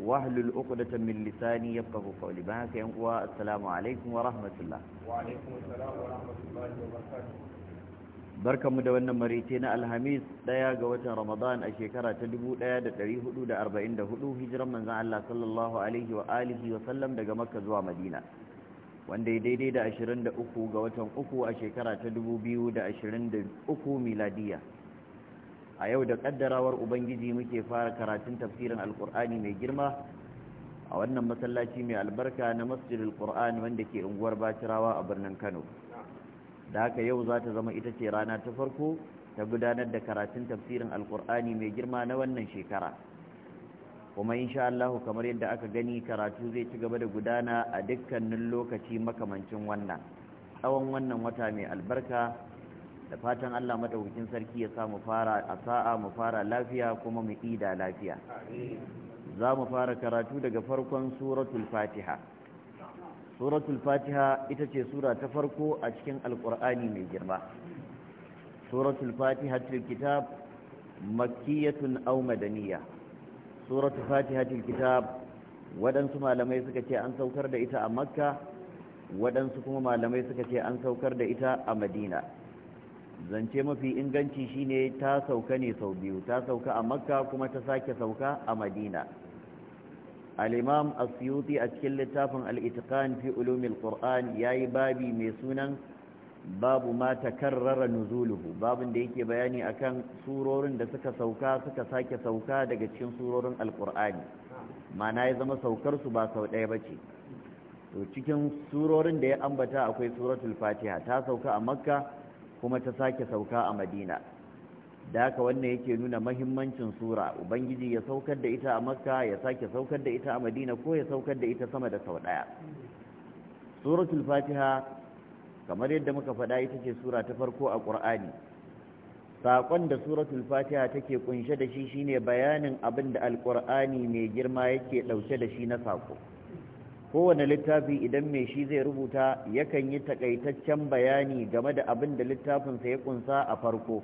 wahlul uqdatan min lisani yafqahu qawli ba haka yan uwa assalamu alaikum wa rahmatullah wa alaikum assalam wa rahmatullahi wa barakatuh barkanmu da wannan marice na alhamis daya ga watan ramadan a shekara ta 1444 hijiran manzan Allah sallallahu alaihi wa alihi wa sallam daga makka zuwa madina wanda ya daidai da 23 ga watan uku a shekara ta 2023 miladiya a yau da kaddarawar ubangiji muke fara karatun tafsirin alkur'ani mai girma a wannan masallaci mai albarka na masjidul qur'an wanda ke unguwar bacirawa a birnin kano da haka yau za ta zama ita ce rana ta farko ta gudanar da karatun tafsirin alkur'ani mai girma na wannan shekara kuma insha Allah kamar yadda aka gani karatu zai ci gaba da gudana a dukkanin lokaci makamancin wannan tsawon wannan wata mai albarka da fatan Allah madaukakin sarki ya mu fara a sa'a mu fara lafiya kuma mu ida lafiya za mu fara karatu daga farkon suratul fatiha suratul fatiha ita ce sura ta farko a cikin alkur'ani mai girma suratul fatiha kitab makkiyatun aw madaniya suratul fatiha kitab waɗansu malamai suka ce an saukar da ita a makka waɗansu kuma malamai suka ce an saukar da ita a madina zance mafi inganci shine ta sauka ne sau biyu ta sauka a makka kuma ta sake sauka a madina al-imam asyuti a cikin littafin al-itqan fi ulumil qur'an yayi babi mai sunan babu ma takarrara nuzuluhu babin da yake bayani akan surorin da suka sauka suka sake sauka daga cikin surorin alƙur'ani ma'ana ya zama saukar ba sau ɗaya bace to cikin surorin da ya ambata akwai suratul fatiha ta sauka a makka kuma ta sake sauka a madina da haka wannan yake nuna mahimmancin sura ubangiji ya saukar da ita a makka ya sake saukar da ita a madina ko ya saukar da ita sama da sau ɗaya suratul fatiha kamar yadda muka faɗa ita ce sura ta farko a ƙur'ani saƙon da suratul fatiha take kunshe da shi shine bayanin abin da alƙur'ani mai girma yake ɗauke da shi na saƙo kowane littafi idan mai shi zai rubuta yakan yi takaitaccen bayani game da abin da littafinsa ya kunsa a farko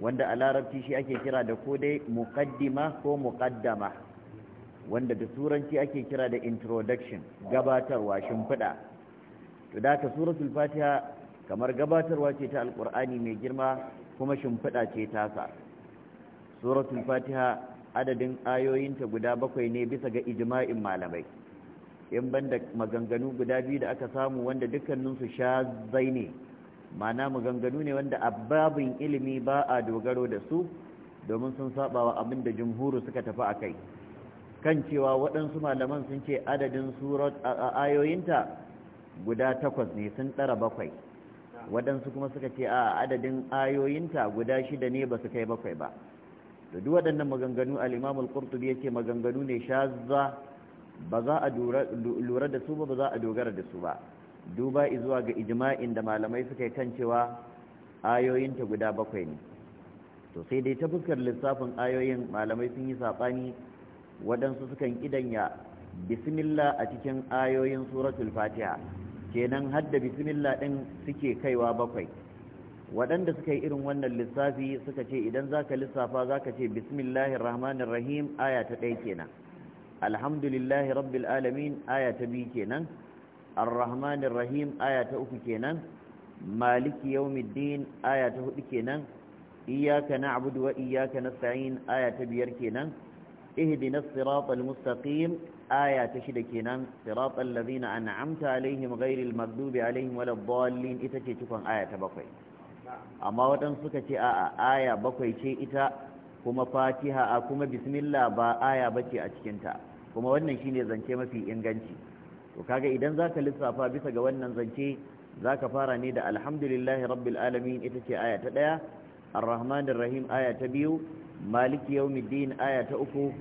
wanda a larabci shi ake kira da ko dai ko mukaddama wanda da turanci ake kira da introduction gabatarwa shimfiɗa to da ka suratul fatiha kamar gabatarwa ce ta alkur'ani mai girma kuma shimfiɗa ce tasa suratul fatiha adadin ayoyinta guda bakwai ne bisa ga ijma'in malamai in banda maganganu guda biyu da aka samu wanda dukkaninsu shazai ne mana maganganu ne wanda ababin ilimi ba a dogaro da su domin sun sabawa abin da jumhuru suka tafi a kai kan cewa waɗansu malaman sun ce adadin surat ayoyinta guda takwas ne sun ɗara bakwai waɗansu kuma suka ce a adadin ayoyinta guda shida ne ba su kai bakwai ba da duk waɗannan maganganu al'imamul ƙurtubi ya ce maganganu ne shazza ba za a lura da su ba ba za a dogara da su ba duba izuwa ga ijma'in da malamai suka yi kan cewa ayoyin ta guda bakwai ne to sai dai ta fuskar lissafin ayoyin malamai sun yi sabani waɗansu sukan ƙidanya bismillah a cikin ayoyin suratul fatiha kenan har da bismillah din suke kaiwa bakwai waɗanda suka yi irin wannan lissafi suka ce idan za ka lissafa za ka ce bismillahir rahmanir rahim aya ta ɗaya kenan alhamdulillahi rabbil alamin aya ta biyu kenan arrahmanir rahim aya ta uku kenan maliki yawmiddin aya ta hudu kenan iyyaka na'budu wa iyyaka nasta'in aya ta biyar kenan ihdinas siratal mustaqim aya ta shida kenan siratal ladzina an'amta alaihim ghairil maghdubi alaihim waladdallin ita ce cikon aya ta bakwai amma waɗansu suka ce a'a aya bakwai ce ita kuma fatiha a kuma bismillah ba aya bace a cikinta kuma wannan shine zance mafi inganci to kaga idan zaka lissafa bisa ga wannan zance zaka fara ne da alhamdulillahi rabbil alamin ita ce aya ta daya arrahmanir rahim aya ta biyu maliki yawmiddin aya ta uku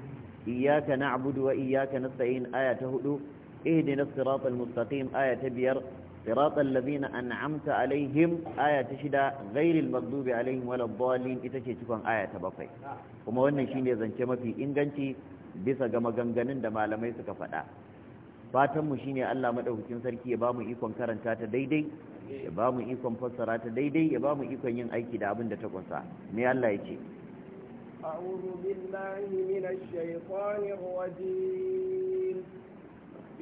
iyyaka na'budu wa iyyaka nasta'in aya ta hudu ihdinas siratal mustaqim aya ta biyar صراط الذين انعمت عليهم ايه شدا غير المغضوب عليهم ولا الضالين ita ce cikon ta bakwai kuma wannan shine zance mafi inganci bisa ga maganganun da malamai suka faɗa fatanmu shine Allah madaukakin sarki ya bamu ikon karanta ta daidai ya bamu ikon fassara ta daidai ya bamu ikon yin aiki da abin da ta kunsa me Allah ya ce a'udhu billahi minash shaitanir rajim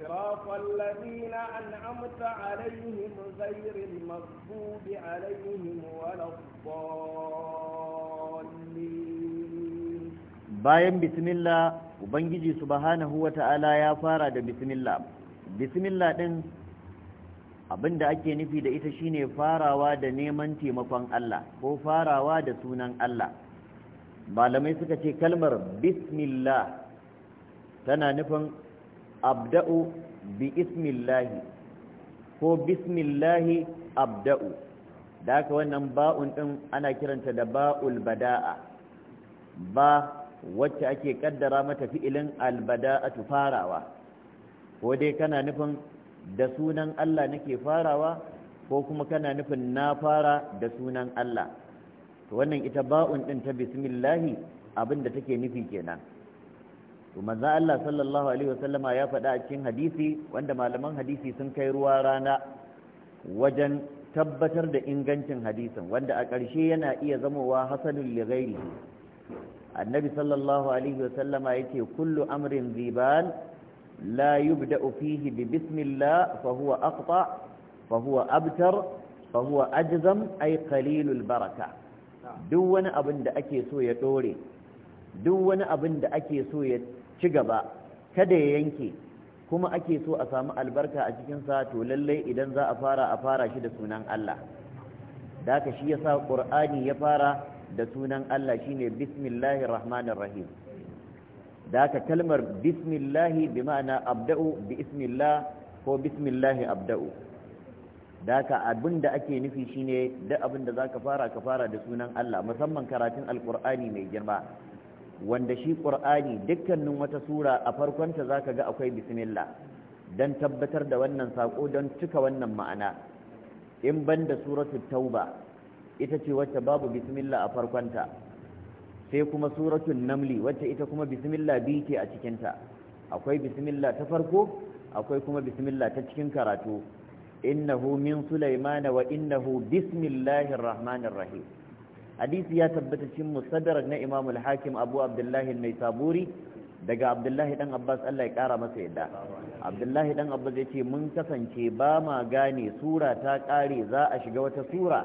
صراط الذين أنعمت عليهم غير المغضوب عليهم ولا الضالين bayan bismillah ubangiji subhanahu wata'ala ya fara da bismillah bismillah abin abinda ake nufi da ita shine farawa da neman taimakon Allah ko farawa da sunan Allah malamai suka ce kalmar bismillah tana nufin abda'u bi ismillahi ko bismillahi abda'u da haka wannan ba'un din ana kiranta da ba'ul bada'a ba wacce ake kaddara mata fi'ilin albada'atu farawa ko dai kana nufin da sunan Allah nake farawa ko kuma kana nufin na fara da sunan Allah to wannan ita ba'un din ta bismillahi abinda take nufi kenan to manzo Allah sallallahu alaihi wasallama ya faɗa a cikin hadisi wanda malaman hadisi sun kai ruwa rana wajen tabbatar da ingancin hadisin wanda a ƙarshe yana iya zamowa hasanul li annabi sallallahu alaihi wasallama yace kullu amrin zibal la yubda'u fihi bi bismillah fa huwa aqta fa huwa abtar fa huwa ajzam ay qalilul baraka duk wani abin da ake so ya dore duk wani abin da ake so ya ci gaba kada ya yanke kuma ake so a samu albarka a cikinsa to lallai idan za a fara a fara shi da sunan Allah da haka shi yasa ƙur'ani ya fara da sunan Allah shine bismillahir rahmanir rahim da haka kalmar bismillahi bi ma'ana abda'u bi ismillah ko bismillahi abda'u da haka abinda ake nufi shine duk abinda zaka fara ka fara da sunan Allah musamman karatun alqur'ani mai girma wanda shi ƙur'ani, dukkanin wata sura a farkonta zaka ga akwai bismillah don tabbatar da wannan sako don cika wannan ma'ana in banda suratul tauba ita ce wacce babu bismillah a farkonta sai kuma suratul namli wacce ita kuma bismillah biyu ce a cikinta akwai bismillah ta farko akwai kuma bismillah ta cikin karatu innahu min sulaimana wa innahu bismillahir rahmanir rahim hadisi ya tabbata cikin musaddarak na Imam al-Hakim Abu Abdullah al-Naisaburi daga Abdullahi dan Abbas Allah ya kara masa yadda Abdullahi dan Abbas yace mun kasance ba ma gane sura ta kare za a shiga wata sura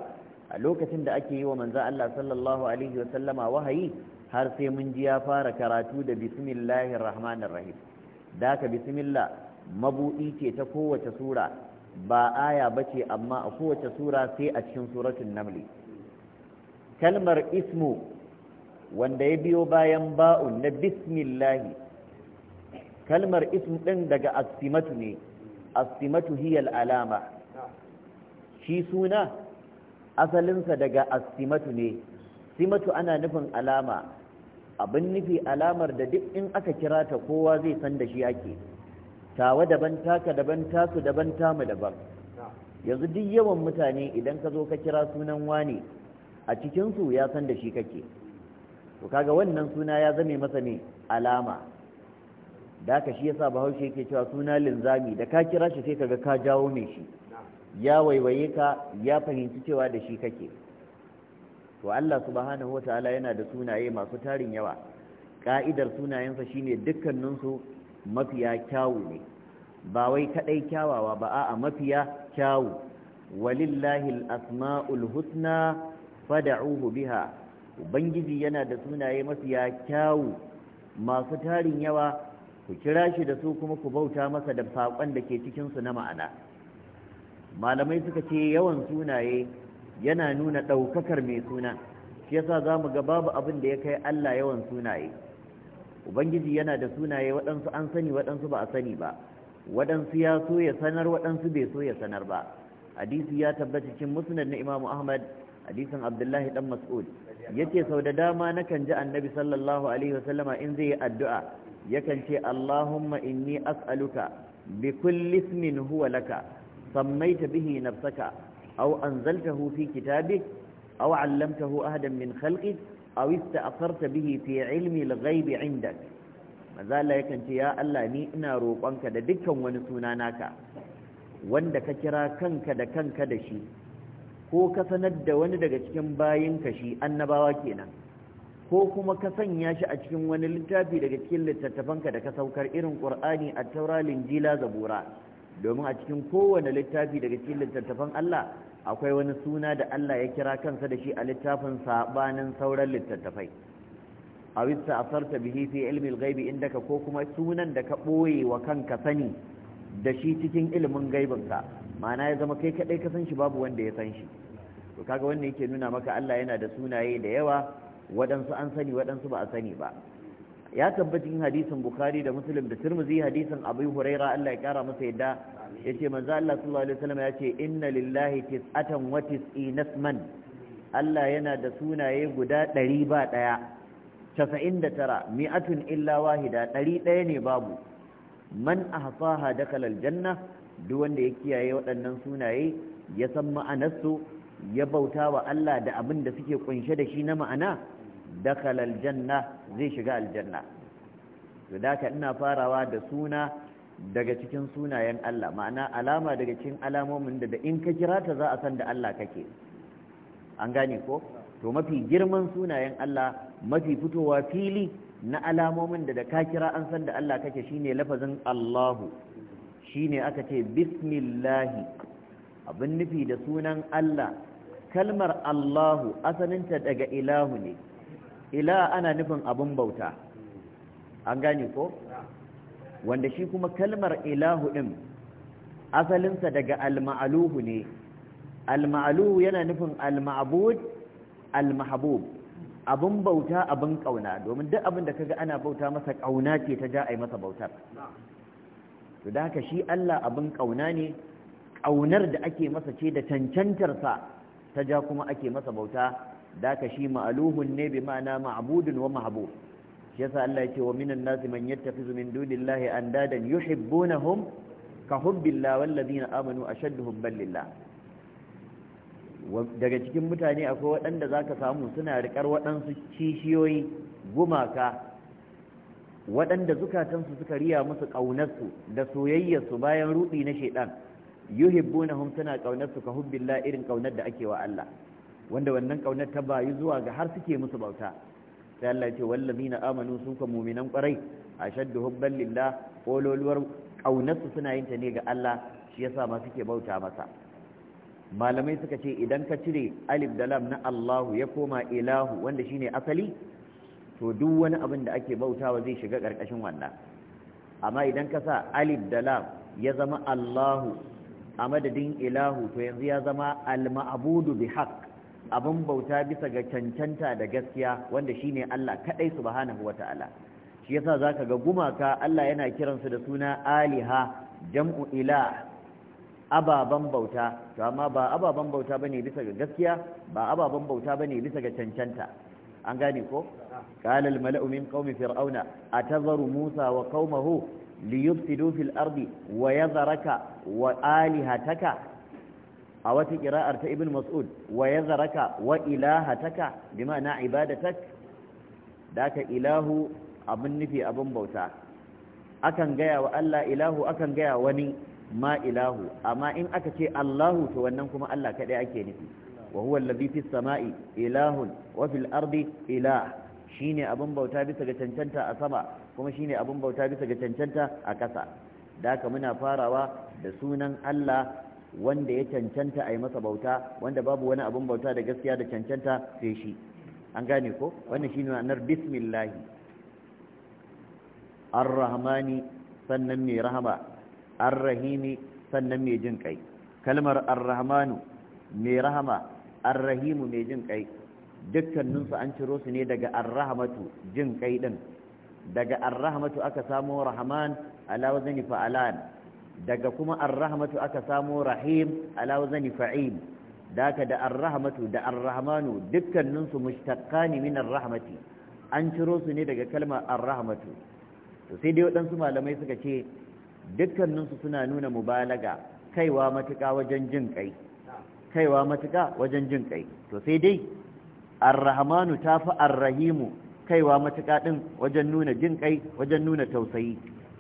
a lokacin da ake yi wa manzo Allah sallallahu alaihi wa sallama wahayi har sai mun ji ya fara karatu da bismillahir rahmanir rahim daka bismillah mabudi ce ta kowace sura ba aya bace amma a kowace sura sai a cikin suratul naml kalmar ismu wanda ya biyo bayan ba'u na bismillahi kalmar ism din daga asimatu ne asimatu hiyal alama shi suna asalinsa daga asimatu ne simatu ana nufin alama abin nufi alamar da duk in aka kira ta kowa zai san da shi ake tawa daban taka daban tasu daban tamu daban yanzu duk yawan mutane idan ka zo ka kira sunan wani a cikinsu ya san da shi kake to kaga wannan suna ya zame masa ne alama da ka shi yasa bahaushe yake cewa suna linzami da ka kira shi sai kaga ka jawo mai shi ya waiwaye ka ya fahimci cewa da shi kake to Allah subhanahu wataala yana da sunaye masu tarin yawa ka'idar sunayensa shine dukkaninsu mafiya kyawu ne ba wai kadai kyawawa ba a'a mafiya kyawu walillahi al-asma'ul husna fada'uhu biha ubangiji yana da sunaye mafiya kyawu masu tarin yawa ku kira shi da su kuma ku bauta masa da saƙon da ke cikinsu na ma'ana malamai suka ce yawan sunaye yana nuna ɗaukakar mai suna shi yasa zamu ga babu abin da ya kai Allah yawan sunaye ubangiji yana da sunaye waɗansu an sani waɗansu ba a sani ba waɗansu ya so ya sanar waɗansu bai so ya sanar ba hadisi ya tabbata cikin musnad na imamu ahmad hadisin abdullahi dan mas'ud yace sau da dama nakan ji annabi sallallahu alaihi wasallama in zai yi addu'a yakan ce allahumma inni as'aluka bi kulli ismin huwa laka sammaita bihi nafsaka aw anzaltahu fi kitabik aw 'allamtahu ahadan min khalqik aw ista'farta bihi fi 'ilmi al-ghaib 'indak mazala yakan ce ya Allah ni ina roƙonka da dukkan wani suna naka wanda ka kira kanka da kanka da shi ko ka sanar da wani daga cikin ka shi annabawa kenan ko kuma ka sanya shi a cikin wani littafi daga cikin littattafanka da ka saukar irin qur'ani a taura jila zabura domin a cikin kowane littafi daga cikin littattafan Allah akwai wani suna da Allah ya kira kansa da shi a littafin sabanin sauran littattafai a wista asarta bihi fi ilmi al-ghaibi indaka ko kuma sunan da ka ɓoye wa kanka sani da shi cikin ilmin gaibinka ma'ana ya zama kai kaɗai ka san shi babu wanda ya san shi to kaga wannan yake nuna maka Allah yana da sunaye da yawa waɗansu an sani waɗansu ba a sani ba ya tabbata cikin hadisin bukhari da muslim da tirmidhi hadisin abu huraira Allah ya kara masa yadda yace manzo Allah sallallahu alaihi wasallam yace inna lillahi tis'atan wa tis'ina isman Allah yana da sunaye guda 100 ba daya tara mi'atun illa wahida ɗari daya ne babu man ahsaha dakala aljanna duk wanda ya kiyaye waɗannan sunaye ya san ma'anarsu ya bauta wa Allah da abin da suke kunshe da shi na ma'ana dakal aljanna zai shiga aljanna to daka ina farawa da suna daga cikin sunayen Allah ma'ana alama daga cikin alamomin da in ka kira ta za a san da Allah kake an gane ko to mafi girman sunayen Allah mafi fitowa fili na alamomin da ka kira an san da Allah kake shine lafazin Allahu shine aka ce bismillahi abin nufi da sunan Allah kalmar Allahu asalinta daga ilahu ne ila ana nufin abin bauta an gane ko wanda shi kuma kalmar ilahu din asalinsa daga alma'aluhu ne alma'aluhu yana nufin almaabud, almahbub abin bauta abin kauna domin duk abin da kaga ana bauta masa kauna ce ta ja masa bautar to da haka shi Allah abin kauna ne ƙaunar da ake masa ce da cancantar sa. ta ja kuma ake masa bauta da ka shi ma'aluhun ne bi ma'ana ma'budun wa mahbub shi yasa Allah ce wa minan nasi man yattakhidhu min dunillahi andadan yuhibbunahum ka hubbillah wallazina amanu ashaddu hubban lillah daga cikin mutane akwai waɗanda zaka samu suna rikar waɗansu kishiyoyi gumaka waɗanda zukatansu suka riya musu ƙaunarsu da soyayyarsu bayan ruɗi na shaidan yuhibbunahum suna kaunar su ka hubbillah irin kaunar da ake wa Allah wanda wannan kaunar ta bayu zuwa ga har suke musu bauta sai Allah ya ce wallazina amanu su ka mu'minan kwarai ashaddu hubban lillah kololuwar kaunar su suna yin ta ne ga Allah shi yasa ma suke bauta masa malamai suka ce idan ka cire alif da lam na Allahu ya koma ilahu wanda shine asali to duk wani abin da ake bautawa zai shiga karkashin wannan amma idan ka sa alif da lam ya zama Allahu a madadin ilahu to yanzu ya zama al-ma'budu bi haq abin bauta bisa ga cancanta da gaskiya wanda shine Allah kadai subhanahu wata'ala shi yasa zaka ga gumaka Allah yana kiransu da suna aliha jam'u ilah ababan bauta to amma ba ababan bauta bane bisa ga gaskiya ba ababan bauta bane bisa ga cancanta an gane ko qala al mala'u min qaumi fir'auna atazaru musa wa qaumahu liyufsidu fil ardi wa yadharaka wa alihataka a wata ƙira'ar ta ibn mas'ud wa yadharaka wa ilahataka bi ma'ana ibadatak daka ilahu abun nufi abin bauta akan gaya wa Allah ilahu akan gaya wani ma ilahu amma in aka ce Allahu to wannan kuma Allah kadai ake nufi wa huwa allazi sama'i ilahun wa fil ardi ilah shine abin bauta bisa ga cancanta a sama kuma shine abin bauta bisa ga cancanta a ƙasa da haka muna farawa da sunan Allah wanda ya cancanta a yi masa bauta wanda babu wani abin bauta da gaskiya da cancanta sai shi an gane ko wannan ne ma'anar bismillahi ar-rahmani sannan mai rahama ar-rahimi sannan mai jin kai kalmar ar-rahmanu mai rahama ar-rahimu mai jin kai dukkaninsu an ciro su ne daga ar-rahmatu jin kai din daga arrahmatu aka samo rahman ala wazni fa'alan daga kuma arrahmatu aka samo rahim ala wazni fa'il da arrahmatu da arrahmanu dukkaninsu dukkanin su mushtaqqani min arrahmati an ciro su ne daga kalmar arrahmatu to sai dai waɗansu malamai suka ce dukkaninsu suna nuna mubalaga kaiwa matuƙa wajen jin kai kaiwa matuƙa wajen jin kai to sai dai arrahmanu tafi arrahimu kaiwa matuƙa ɗin wajen nuna jin kai wajen nuna tausayi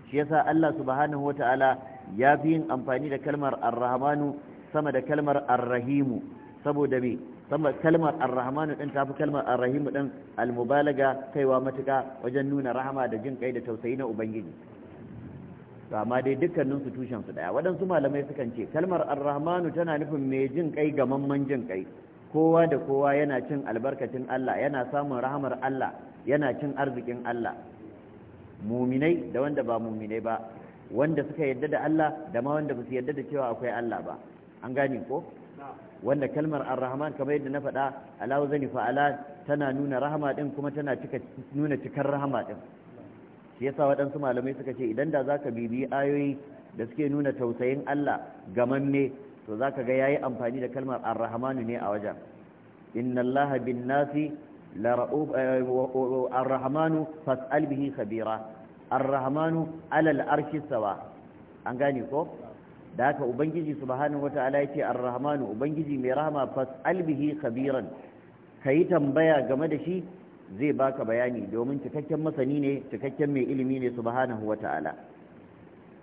shi yasa Allah subhanahu wata'ala ya fi yin amfani da kalmar arrahmanu sama da kalmar arrahimu saboda me sama kalmar arrahmanu din tafi kalmar arrahimu din almubalaga kaiwa matuƙa wajen nuna rahama da jin kai da tausayi na ubangiji to amma dai dukkanin su tushen su daya waɗansu malamai sukan ce kalmar arrahmanu tana nufin mai jin kai mamman jin kai kowa da kowa yana cin albarkacin Allah yana samun rahamar Allah yana cin arzikin Allah muminai da wanda ba muminai ba wanda suka yadda da Allah da ma wanda ba su yadda da cewa akwai Allah ba an gane ko wanda kalmar ar-rahman kamar yadda na faɗa alawu zani fa'ala tana nuna rahama din kuma tana cika nuna cikar rahama din shi yasa waɗansu malamai suka ce idan da zaka bibiyi ayoyi da suke nuna tausayin Allah ga manne to za ka ga ya yi amfani da kalmar arrahmanu ne a wajen inna allaha bin nasi eh, arrahmanu fas'al bihi khabira arrahmanu alal arshi sawa an gane ko da haka ubangiji subhanahu wata'ala yace arrahmanu ubangiji mai rahama fas'al Kabiran. khabiran kai tambaya game da shi zai baka bayani domin cikakken masani ne cikakken mai ilimi ne subhanahu wata'ala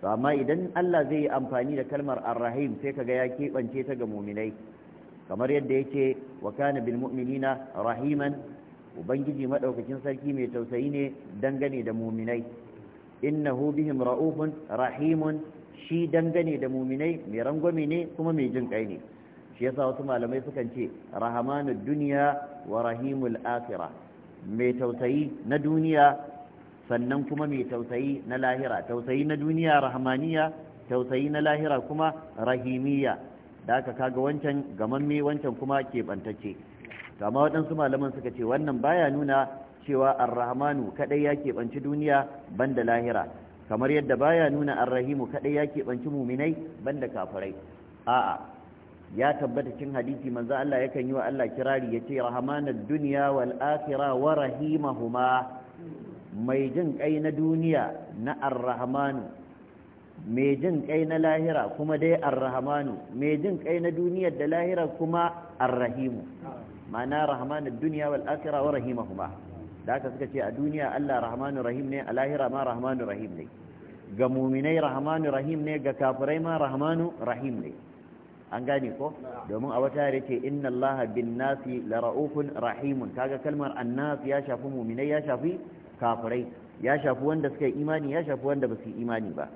to amma idan Allah zai yi amfani da kalmar ar-rahim sai kaga ya keɓance ta ga muminai kamar yadda yake wa kana bil mu'minina rahiman ubangiji madaukakin sarki mai tausayi ne dangane da muminai innahu bihim ra'ufun rahimun shi dangane da muminai mai rangwame ne kuma mai jin kai ne shi yasa wasu malamai sukan ce rahamanu duniya wa rahimul akhirah mai tausayi na duniya sannan kuma mai tausayi na lahira tausayi na duniya rahmaniya tausayi na lahira kuma rahimiya da aka kaga wancan gamamme wancan kuma keɓantacce kama waɗansu malaman suka ce wannan baya nuna cewa arrahmanu kaɗai ya keɓanci duniya banda lahira kamar yadda baya nuna arrahimu kaɗai ya keɓanci muminai banda kafirai a'a ya tabbata cin hadisi manzo Allah yakan yi wa Allah kirari yace rahmanad dunya wal akhirah wa rahimahuma mai jin kai na duniya na arrahmanu mai jin kai na lahira kuma dai arrahmanu mai jin kai na duniyar da lahira kuma arrahimu ma'ana rahmanu duniya wal akhirah wa rahimahuma da aka suka ce a duniya Allah rahmanu rahim ne a lahira ma rahmanu rahim ne ga muminai rahmanu rahim ne ga kafirai ma rahmanu rahim ne an gane ko domin a wata yare ce inna allaha bin nasi la ra'ufun rahimun kaga kalmar annas ya shafi muminai ya shafi kafirai ya shafi wanda suka yi imani ya shafi wanda ba su yi imani ba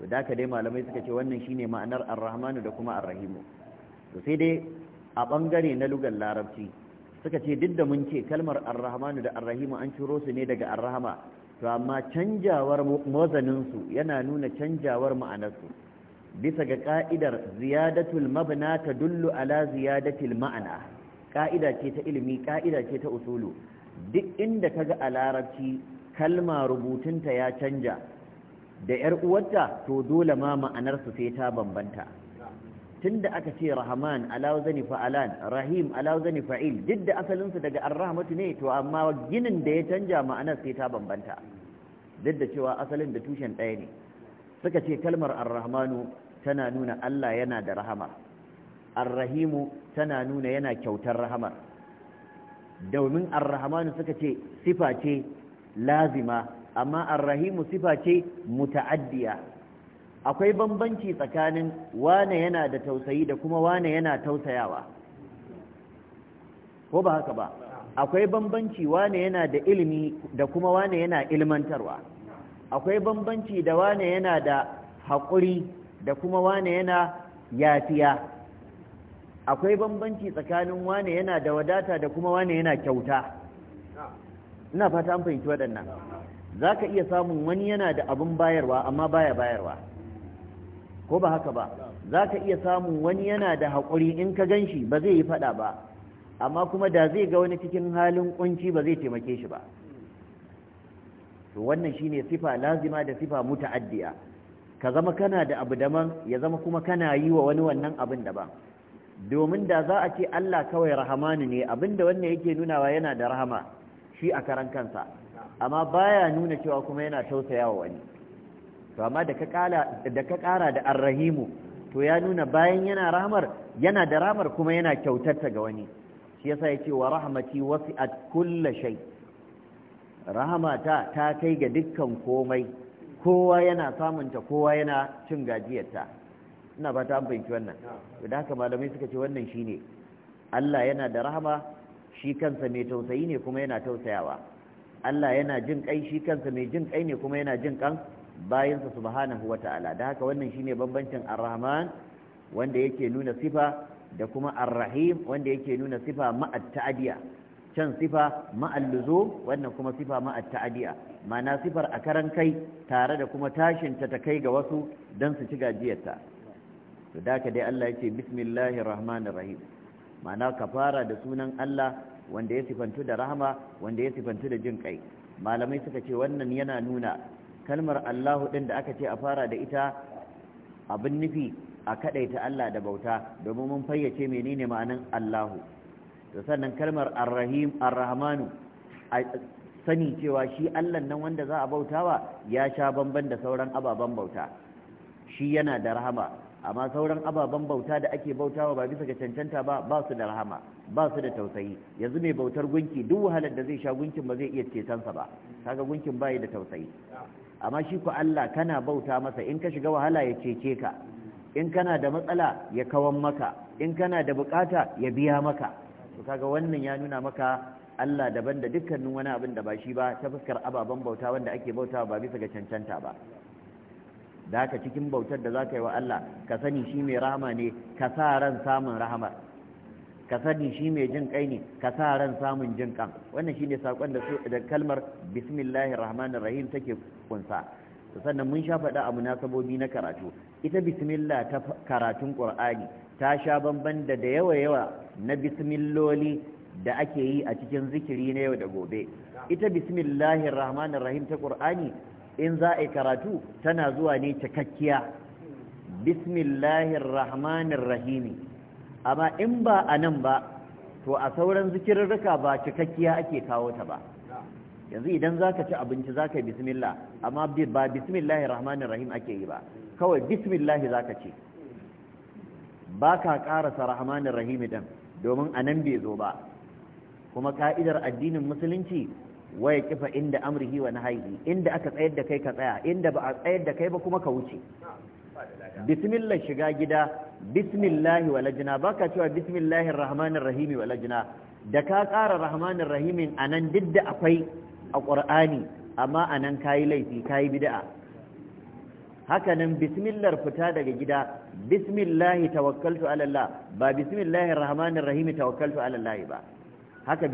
to da ka dai malamai suka ce wannan shine ma'anar ar-rahmanu da kuma ar-rahimu to sai dai a bangare na lugar larabci suka ce duk da mun ce kalmar ar-rahmanu da ar-rahimu an ciro su ne daga ar rahma to amma canjawar mazanin su yana nuna canjawar ma'anarsu bisa ga ka'idar ziyadatul mabna tadullu ala ziyadatil ma'ana ka'ida ce ta ilimi ka'ida ce ta usulu duk inda ga a larabci kalma rubutunta ya canja da ‘yar uwarta to dole ma ma'anarsu sai ta bambanta tunda aka ce rahman zani fa'alan rahim zani fa'il duk da asalinsu daga arrahmatu ne to amma ginin da ya canja ma'anar sai ta bambanta duk da cewa asalin da tushen ɗaya ne suka ce kalmar arrahmanu tana nuna Allah yana da rahama arrahimu tana nuna yana kyautar rahamar domin ar suka ce sifa ce lazima amma arrahimu rahimu sifa ce muta'addiya akwai bambanci tsakanin wane yana da tausayi da kuma wane yana tausayawa ko ba haka ba akwai bambanci wane yana da ilimi da kuma wane yana ilmantarwa akwai bambanci da wane yana da haƙuri da kuma wane yana yafiya akwai bambanci tsakanin wane yana da wadata da kuma wane yana kyauta ina fata an fahimci waɗannan za ka iya samun wani yana da abin bayarwa amma baya bayarwa ko ba haka ba za ka iya samun wani yana da haƙuri in ka gan shi ba zai yi faɗa ba amma kuma da zai ga wani cikin halin ƙunci ba zai taimake shi ba to wannan shine sifa lazima da sifa muta'addiya ka zama kana da abu daban ya zama kuma kana yi wa wani wannan abin daban domin da za a ce Allah kawai rahamanu ne abinda wannan yake nunawa yana da rahama shi a karan kansa amma baya nuna cewa kuma yana tausayawa wani to amma da ka kara da arrahimu to ya nuna bayan yana rahamar yana da rahamar kuma yana kyautarta ga wani shi yasa yake wa rahmati wasi'at kulla shay rahamata ta kai ga dukkan komai kowa yana samunta kowa yana cin gajiyarta ina ba ta an fahimci wannan da haka malamai suka ce wannan shine Allah yana da rahama shi kansa mai tausayi ne kuma yana tausayawa Allah yana jin kai shi kansa mai jin kai ne kuma yana jin kan bayansa subhanahu wata'ala da haka wannan shine bambancin ar-rahman wanda yake nuna sifa da kuma ar wanda yake nuna sifa ma'at ta'adiya can sifa ma'al wannan kuma sifa ma'at ta'adiya ma'ana sifar a karan kai tare da kuma tashin ta ta kai ga wasu dan su ci gajiyarta to da ka dai Allah yake bismillahir rahmanir rahim ma'ana ka fara da sunan Allah wanda ya sifantu da rahama wanda ya sifantu da jin kai malamai suka ce wannan yana nuna kalmar Allahu din da aka ce a fara da ita abin nufi a kadaita Allah da bauta domin mun fayyace menene ma'anan Allahu to sannan kalmar arrahim arrahmanu sani cewa shi Allah nan wanda za a bautawa ya sha bamban da sauran ababen bauta shi yana da rahama amma sauran ababen bauta da ake bautawa ba bisa ga cancanta ba ba su da rahama ba su da tausayi yanzu mai bautar gunki duk wahalar da zai sha gunkin ba zai iya ceton sa ba kaga gunkin bai da tausayi amma shi ku Allah kana bauta masa in ka shiga wahala ya cece ka in kana da matsala ya kawan maka in kana da bukata ya biya maka to kaga wannan ya nuna maka Allah daban da dukkanin wani abin da ba shi ba ta fuskar ababen bauta wanda ake bautawa ba bisa ga cancanta ba da haka cikin bautar da za ka yi wa Allah ka sani shi mai rahama ne ka sa ran samun rahama ka sani shi mai jin kai ne ka sa ran samun jin kan wannan shine sakon da da kalmar bismillahir rahmanir rahim take kunsa sannan mun sha faɗa a munasabobi na karatu ita bismillah ta karatun qur'ani ta sha bamban da da yawa yawa na bismilloli da ake yi a cikin zikiri na yau da gobe ita bismillahir rahmanir rahim ta qur'ani in za a yi karatu tana zuwa ne cikakkiya bismillahir rahmanir rahimi amma in ba a nan ba to a sauran zikirarruka ba cikakkiya ake kawo ta ba yanzu idan za ka ci abinci za ka yi bismillah amma ba bismillahir rahmanir rahim ake yi ba kawai bismillah za ka ce ba ka ƙarasa rahmanir rahim din domin a nan bai zo ba kuma ka'idar addinin musulunci waya kifa inda amrihi wa nahyihi inda aka tsayar da kai ka tsaya inda ba a tsayar da kai ba kuma ka wuce bismillah shiga gida bismillah walajna baka cewa bismillahir rahmanir rahim walajna da ka ƙara rahmanir rahimin anan duk da akwai a qur'ani amma anan kayi laifi kayi bid'a haka nan bismillah fita daga gida bismillah tawakkaltu ala Allah ba bismillahir rahmanir rahimi tawakkaltu ala Allah ba haka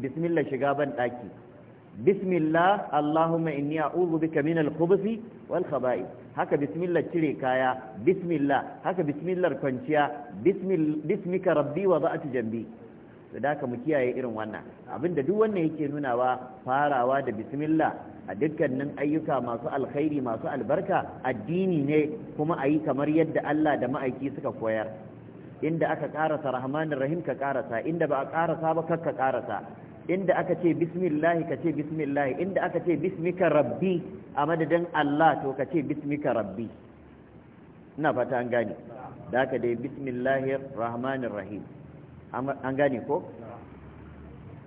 bismillah shiga ban daki bismillah allahumma inni a'udhu bika min al-khubuthi wal haka bismillah cire kaya bismillah haka bismillah kwanciya bismika rabbi wa da'ati jambi su haka mu kiyaye irin wannan abinda duk wannan yake nunawa farawa da bismillah a dukkanin ayyuka masu alkhairi masu albarka addini ne kuma a yi kamar yadda Allah da ma'aiki suka koyar inda aka karasa rahmanin rahim ka karasa inda ba a karasa ba kakka karasa inda aka ce bismillah ka ce bismillah inda aka ce bismika rabbi a madadin Allah to ka ce bismika rabbi ina fata an gane da aka dai bismillahir rahmanir rahim an gane ko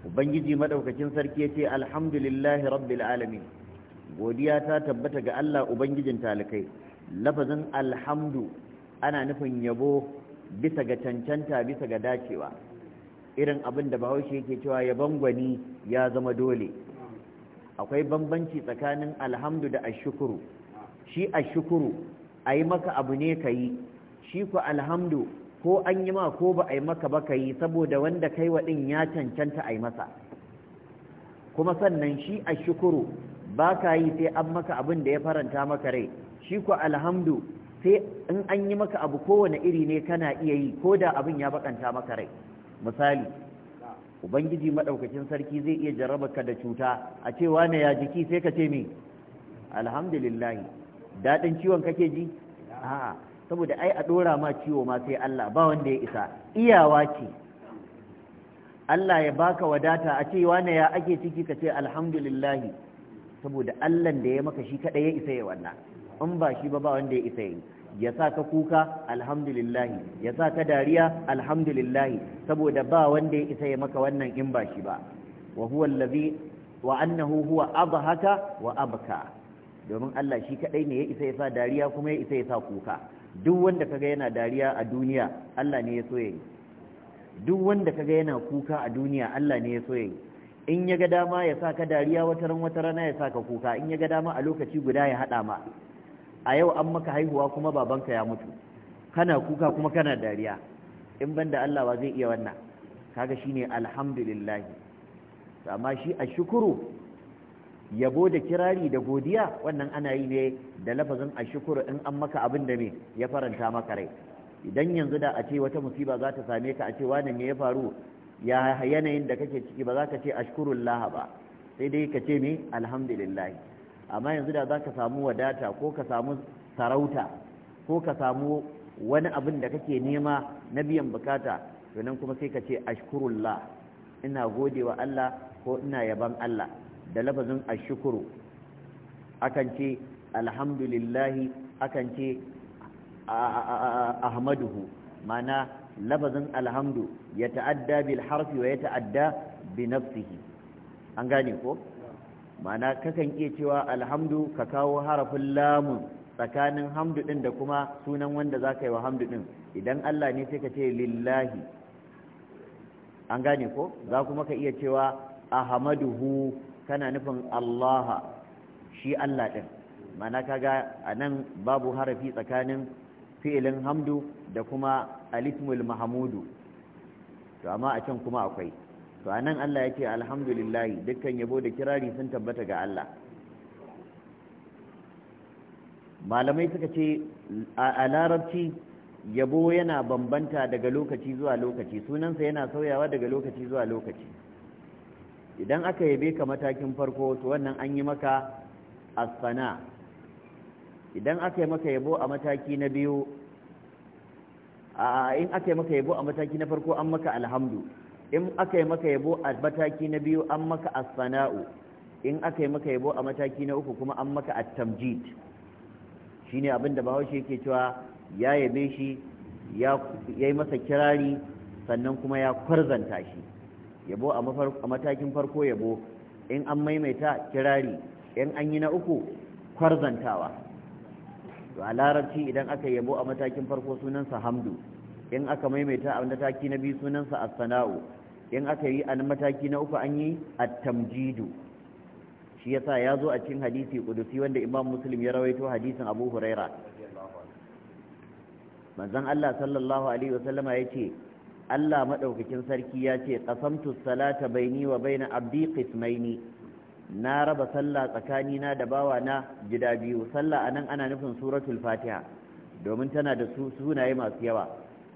ubangiji madaukakin sarki yace alhamdulillahi rabbil alamin godiya ta tabbata ga Allah ubangijin talikai lafazin alhamdu ana nufin yabo bisa ga cancanta bisa ga dacewa irin abin da bahaushe yake cewa ya bangwani ya zama dole akwai bambanci tsakanin alhamdu da ashukuru shi ashukuru a yi maka abu ne ka yi shi ku alhamdu ko an yi ma ko ba a yi maka ba ka yi saboda wanda kai waɗin ya cancanta a yi masa kuma sannan shi ashukuru ba ka yi sai an maka abin da ya faranta maka rai shi ku alhamdu sai in an yi maka abu kowane iri ne kana iya yi ko da abin ya bakanta maka rai misali ubangiji madaukakin sarki zai iya jarrabaka da cuta a ce wane ya jiki sai ka ce me alhamdulillah dadin ciwon kake ji a'a saboda ai a dora ma ciwo ma sai Allah ba wanda ya isa iyawa ce Allah ya baka wadata a ce wane ya ake ciki ka ce alhamdulillah saboda Allah da ya maka shi kada ya isa ya wannan in ba shi ba ba wanda ya isa ya yi ya sa ka kuka alhamdulillahi ya sa ka dariya alhamdulillahi saboda ba wanda ya isa ya maka wannan in ba shi ba wa huwa allazi wa annahu huwa adhaka wa abka domin Allah shi kadai ne ya isa ya sa dariya kuma ya isa ya sa kuka duk wanda kaga yana dariya a duniya Allah ne ya so yayi duk wanda kaga yana kuka a duniya Allah ne ya so yayi in ya ga dama ya sa ka dariya wataran rana ya sa ka kuka in ya ga dama a lokaci guda ya hada ma a yau an maka haihuwa kuma babanka ya mutu kana kuka kuma kana dariya in banda Allah ba zai iya wannan kaga shine alhamdulillah amma shi a shukuru yabo da kirari da godiya wannan ana yi ne da lafazin a in an maka abin da me ya faranta maka rai idan yanzu da a ce wata musiba za ta same ka a ce wani ne ya faru ya yanayin da kake ciki ba za ka ce ashkurullah ba sai dai ka ce me alhamdulillah amma yanzu da za ka samu wadata ko ka samu sarauta ko ka samu wani abin da kake nema na biyan bukata to nan kuma sai ka ce ashkurullah ina gode wa Allah ko ina yaban Allah da lafazin ashkuru akan ce alhamdulillah akan ce ahmaduhu mana lafazin alhamdu ya ta'adda bil harfi wa ya ta'adda bi nafsihi an gane ko mana kakan iya cewa alhamdu ka kawo harafin lamun tsakanin hamdu ɗin da kuma sunan wanda za ka yi wa hamdu ɗin idan Allah ne sai ka ce lillahi an gane ko za kuma ka iya cewa ahamaduhu kana nufin Allah shi Allah ɗin mana kaga a nan babu harafi tsakanin fi'ilin hamdu da kuma alismul mahamudu to amma a can kuma akwai to a nan Allah ya ce alhamdulillahi dukkan yabo da kirari sun tabbata ga Allah malamai suka ce a larabci yabo yana bambanta daga lokaci zuwa lokaci sunansa yana sauyawa daga lokaci zuwa lokaci idan aka yabe ka matakin farko to wannan an yi maka asfana idan aka yi maka yabo a mataki na biyu a in aka yi maka yabo a mataki na farko an maka alhamdu in aka yi maka yabo a mataki na biyu an maka asana'u in aka yi maka yabo a mataki na uku kuma an maka attamjid shine abin da Bahaushe yake cewa ya yabe shi ya yi masa kirari sannan kuma ya kwarzanta shi yabo a matakin farko yabo in an maimaita kirari in an yi na uku kwarzantawa to a larabci idan aka yabo a matakin farko sunansa hamdu in aka maimaita a mataki na biyu sunansa as-sana'u in aka yi a mataki na uku an yi at-tamjidu shi yasa ya zo a cikin hadisi kudusi wanda imam muslim ya rawaito hadisin abu huraira manzon Allah sallallahu alaihi ya yace Allah maɗaukakin sarki ya ce qasamtu salata baini wa baina abdi qismaini na raba sallah tsakanina da bawa na gida biyu sallah anan ana nufin suratul fatiha domin tana da sunaye masu yawa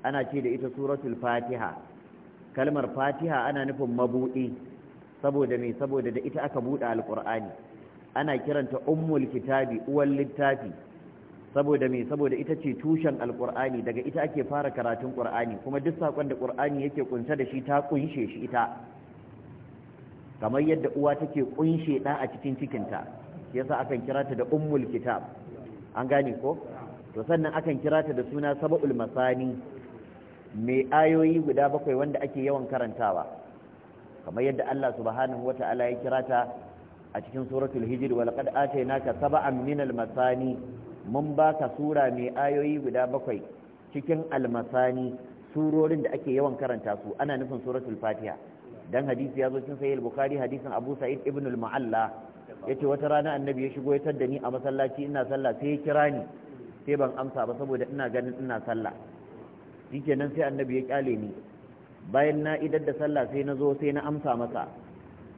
ana ce da ita suratul fatiha kalmar fatiha ana nufin mabuɗi saboda mai saboda da ita aka buɗe alƙur'ani ana kiranta ummul kitabi uwan littafi saboda mai saboda ita ce tushen alƙur'ani daga ita ake fara karatun ƙur'ani kuma duk saƙon da ƙur'ani yake ƙunshe da shi ta kunshe shi ita kamar yadda uwa take kunshe ɗa a cikin cikinta shi yasa akan kira ta da ummul kitab an gane ko to sannan akan kira ta da suna saba'ul masani mai ayoyi guda bakwai wanda ake yawan karantawa kamar yadda Allah subhanahu wata'ala ya kira ta a cikin suratul hijr wa laqad atainaka sab'an minal masani mun baka sura mai ayoyi guda bakwai cikin almasani surorin da ake yawan karanta su ana nufin suratul fatiha dan hadisi ya zo cikin sahih al-bukhari hadisin abu sa'id ibn al-mu'alla yace wata rana annabi ya shigo ya tadda ni a masallaci ina sallah sai ya kira ni sai ban amsa ba saboda ina ganin ina sallah kenan sai annabi ya kyale ni bayan na idar da sallah sai na zo sai na amsa masa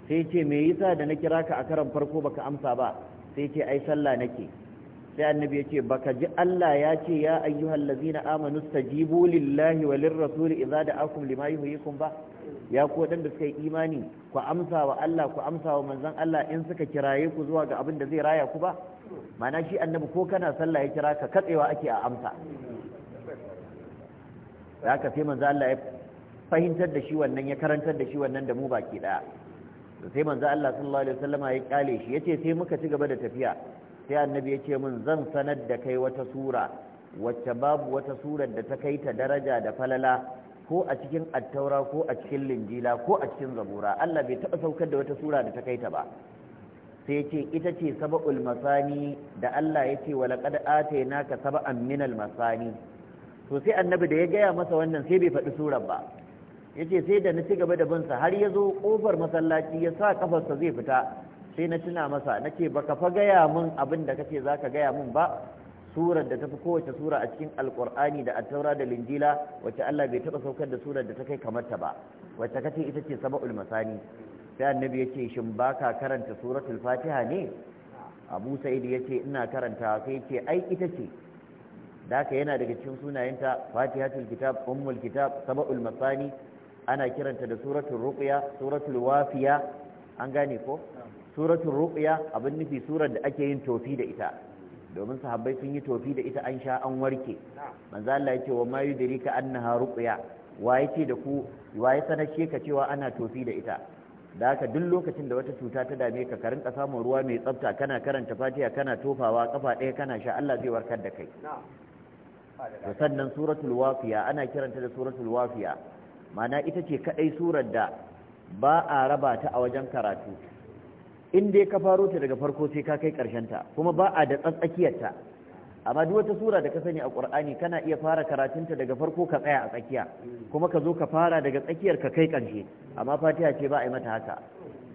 sai ce me yasa da na kira ka a karan farko baka amsa ba sai ce ai sallah nake sai annabi ya ce baka ji Allah ya ce ya ayyuhal ladzina amanu stajibu lillahi walir rasuli idza da'akum lima yuhyikum ba ya ko waɗanda suka yi imani ku amsa wa Allah ku amsa wa manzon Allah in suka kiraye ku zuwa ga abin da zai raya ku ba mana shi annabi ko kana sallah ya kira ka katsewa ake a amsa da aka sai manzo Allah ya fahimtar da shi wannan ya karantar da shi wannan da mu baki daya to sai manzo Allah sallallahu alaihi wasallam ya kale shi yace sai muka ci gaba da tafiya sai annabi ya ce min zan sanar da kai wata sura wacce babu wata surar da ta kai ta daraja da falala ko a cikin attaura ko a cikin linjila ko a cikin zabura Allah bai taba saukar da wata sura da ta kai ta ba sai yace ita ce saba'ul masani da Allah yace ce wa laqad atainaka saba'an minal masani to sai annabi da ya gaya masa wannan sai bai faɗi surar ba yace sai da na ci gaba da bin sa har ya zo kofar masallaci ya sa kafarsa zai fita sai na tuna masa nace baka fa gaya min abin da kace zaka gaya min ba surar da ta fi kowace sura a cikin alkur'ani da attaura da linjila wacce Allah bai taɓa saukar da surar da ta kai kamar ta ba wacce kace ita ce saba'ul masani sai annabi yace shin baka karanta suratul fatiha ne abu sa'id yace ina karanta sai ce ai ita ce da haka yana daga cikin sunayenta fatihatul kitab ummul kitab saba'ul masani ana kiranta da suratul ruqya suratul wafiya an gane ko suratul ruqya abin nufi surar da ake yin tofi da ita domin sahabbai sun yi tofi da ita an sha an warke manzo Allah yake wa ma yudrika annaha ruqya wa yake da ku wa ya sanashe ka cewa ana tofi da ita da haka duk lokacin da wata cuta ta dame ka ka samu samun ruwa mai tsafta kana karanta fatiha kana tofawa kafa ɗaya kana sha Allah zai warkar da kai to sannan suratul wafiya ana kiranta da suratul wafiya mana ita ce kadai surar da ba a raba ta a wajen karatu in dai ka faro ta daga farko sai ka kai karshen ta kuma ba a da tsatsakiyar ta amma duk wata sura da ka sani a Qur'ani kana iya fara karatunta daga farko ka tsaya a tsakiya kuma ka zo ka fara daga tsakiyar ka kai ƙarshe amma Fatiha ce ba a yi mata haka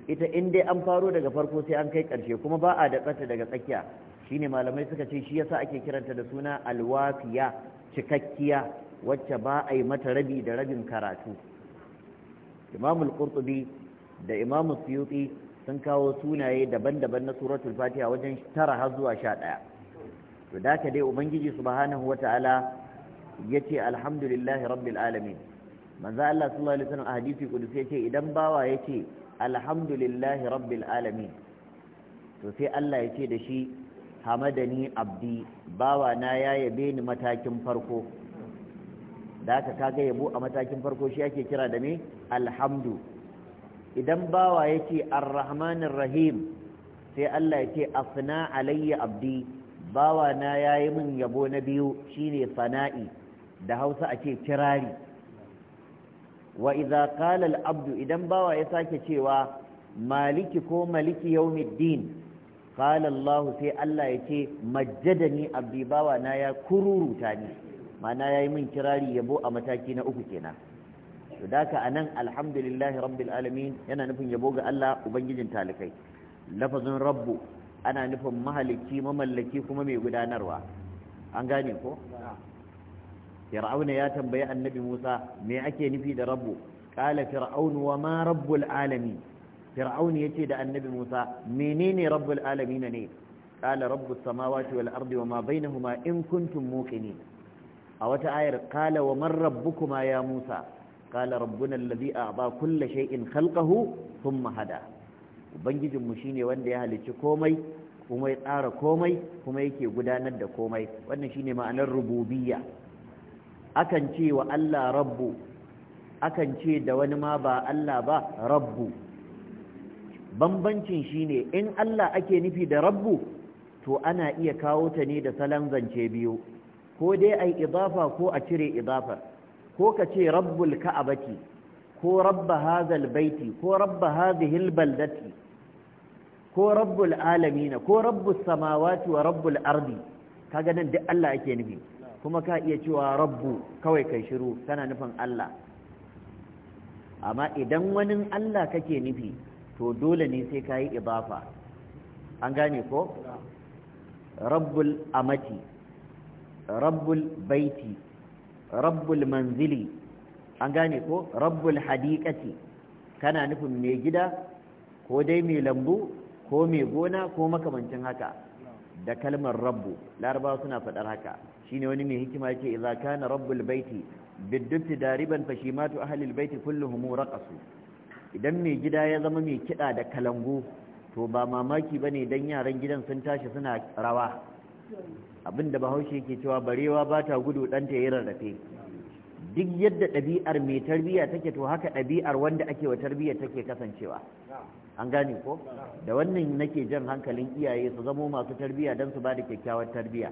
ita in dai an faro daga farko sai an kai ƙarshe kuma ba a da tsata daga tsakiya shine malamai suka ce shi yasa ake kiranta da suna alwafiya cikakkiya wacce ba a yi mata rabi da rabin karatu imamul qurtubi da imamul suyuti sun kawo sunaye daban-daban na suratul fatiha wajen tara har zuwa sha ɗaya to da ka dai ubangiji subhanahu wata'ala ya ce alhamdulillahi rabbil alamin manzo Allah sallallahu alaihi wasallam a hadisi kudusi ya ce idan bawa ya ce alhamdulillahi rabbil alamin to sai Allah ya ce da shi hamadani abdi bawa na ya yabe ni matakin farko da aka kaga yabo a matakin farko shi ake kira da me alhamdu idan bawa yake arrahmanir rahim sai Allah yake afna alayya abdi bawa na yayi min yabo na biyu shine fana'i da Hausa ake kirari wa idza qala al abdu idan bawa ya sake cewa maliki ko maliki yawmiddin qala Allah sai Allah yace majjadani abdi bawa na ya kururuta ni mana yayi min kirari yabo a mataki na uku kenan to daka nan alhamdulillahi rabbil alamin yana nufin yabo ga Allah ubangijin talikai lafazin rabbu ana nufin mahalicci mamallaki kuma mai gudanarwa an gane ko fir'auna ya tambayi annabi Musa me ake nufi da rabbu Kala fir'aunu wa ma rabbul fir'auni yace da annabi Musa menene rabbul alamin ne qala rabbus samawati wal ardi wama bainahuma in kuntum muqinin a wata ayar qala wa man rabbukuma ya Musa qala rabbuna alladhi a'ta kulla shay'in khalqahu thumma hada mu shine wanda ya halicci komai kuma ya tsara komai kuma yake gudanar da komai wannan shine ma'anar rububiyya akan ce wa Allah rabbu akan ce da wani ma ba Allah ba rabbu bambancin shine in Allah ake nufi da rabbu to ana iya kawo ta ne da salon zance biyu ko dai ai idafa ko a cire idafar ko ka ce rabbul ka'abati ko rabba hazal baiti ko rabba hadhihi baldati ko rabbul alamina ko rabbus samawati wa rabbul ardi kaga nan duk Allah ake nufi kuma ka iya cewa rabbu kawai kai shiru kana nufin Allah amma idan wani Allah kake nufi to dole ne sai ka yi ibafa an gane ko rabbul amati rabbul baiti rabbul manzili an gane ko rabbul hadiƙati kana nufin mai gida ko dai mai lambu ko mai gona ko makamancin haka da kalmar rabbu laraba suna faɗar haka shine wani mai hikima ce iza kana rabbul baiti biddutti dariban fashimatu ahli albayti kulluhum raqasu idan mai gida ya zama mai kiɗa da kalangu to ba mamaki ba ne don yaran gidan sun tashi suna rawa abinda bahaushe ke cewa barewa ba ta gudu ɗanta ya yi rarrafe duk yadda ɗabi'ar mai tarbiyya take to haka ɗabi'ar wanda ake wa tarbiyya take kasancewa an gane ko da wannan nake jan hankalin iyaye su zamo masu tarbiyya don su ba da kyakkyawar tarbiyya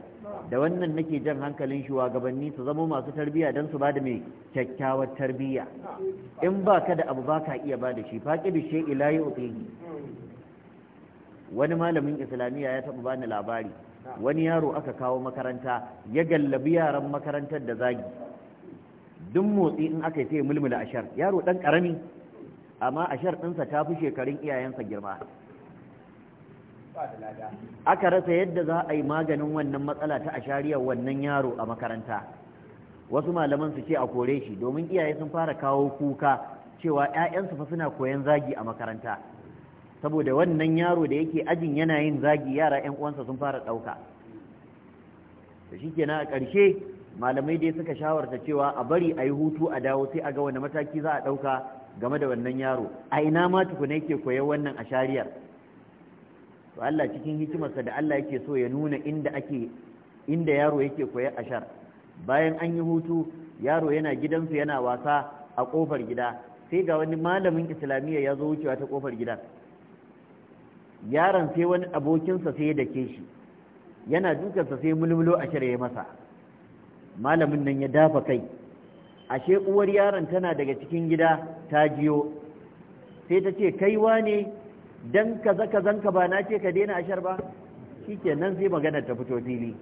da wannan nake jan hankalin shugabanni su zamo masu tarbiyya don su ba da mai kyakkyawar tarbiyya in ba ka da abu ba ka iya ba da shi faƙi da shi ila yi wani malamin islamiyya ya taɓa bani labari wani yaro aka kawo makaranta ya gallabi yaran makarantar da zagi duk motsi in aka yi sai mulmula ashar yaro dan karami amma ashar ɗinsa ta fi shekarun iyayensa girma aka rasa yadda za a yi maganin wannan matsala ta ashariyar wannan yaro a makaranta wasu malaman su ce a kore shi domin iyaye sun fara kawo kuka cewa 'ya'yansu fa suna koyan zagi a makaranta saboda wannan yaro da yake ajin yana yin zagi yara 'yan uwansa sun fara ɗauka da shi kenan a ƙarshe malamai dai suka shawarta cewa a bari a yi hutu a dawo sai a ga wani mataki za a ɗauka game da wannan yaro a ina ma tukuna yake koyan wannan a shariyar to Allah cikin hikimarsa da Allah yake so ya nuna inda ake inda yaro yake a ashar bayan an yi hutu yaro yana gidansu yana wasa a kofar gida sai ga wani malamin islamiyya ya zo wucewa ta kofar gidan yaron sai wani abokinsa sai ya dake shi yana dukansa sai mulmulo a shirye masa malamin nan ya dafa kai ashe uwar yaron tana daga cikin gida ta jiyo sai ta ce kai wane dan kaza kazan ka ba na ce ka daina ashar ba shikenan sai magana ta fito fili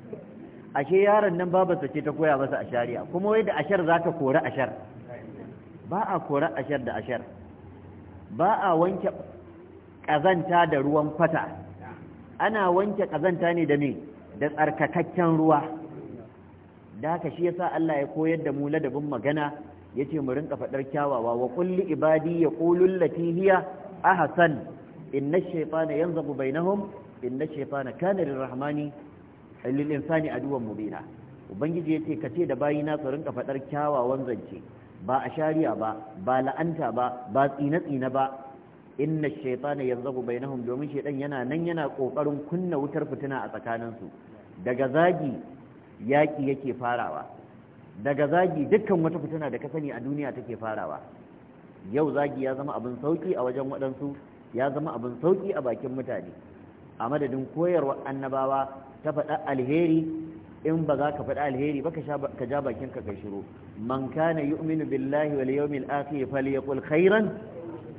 ashe yaron nan babarsa ce ta koya masa ashariya kuma wai da ashar zaka kori ashar ba a kori ashar da ashar ba a wanke kazanta da ruwan fata. ana wanke kazanta ne da me da tsarkakakken ruwa da haka shi yasa Allah ya koyar da mu ladabin magana yace mu rinka fadar kyawawa wa kulli li ibadi yaqulu allati hiya ahsan inna ash-shaytana yanzabu bainahum inna ash-shaytana kana lirrahmani lil insani aduwwan mubina ubangiji yace kace da bayina su rinka fadar kyawawan zance ba a shari'a ba ba la'anta ba ba tsina-tsina ba inna shaitana yanzabu bainahum domin shaitan yana nan yana kokarin kunna wutar fitina a tsakaninsu daga zagi yaƙi yake farawa daga zagi dukkan wata fitina da ka sani a duniya take farawa yau zagi ya zama abin sauki a wajen waɗansu ya zama abin sauki a bakin mutane a madadin koyarwa annabawa ta faɗa alheri in ba za ka faɗi alheri ba ka ja bakin ka shiru man kana yu'minu billahi wal yawmil akhir falyaqul khairan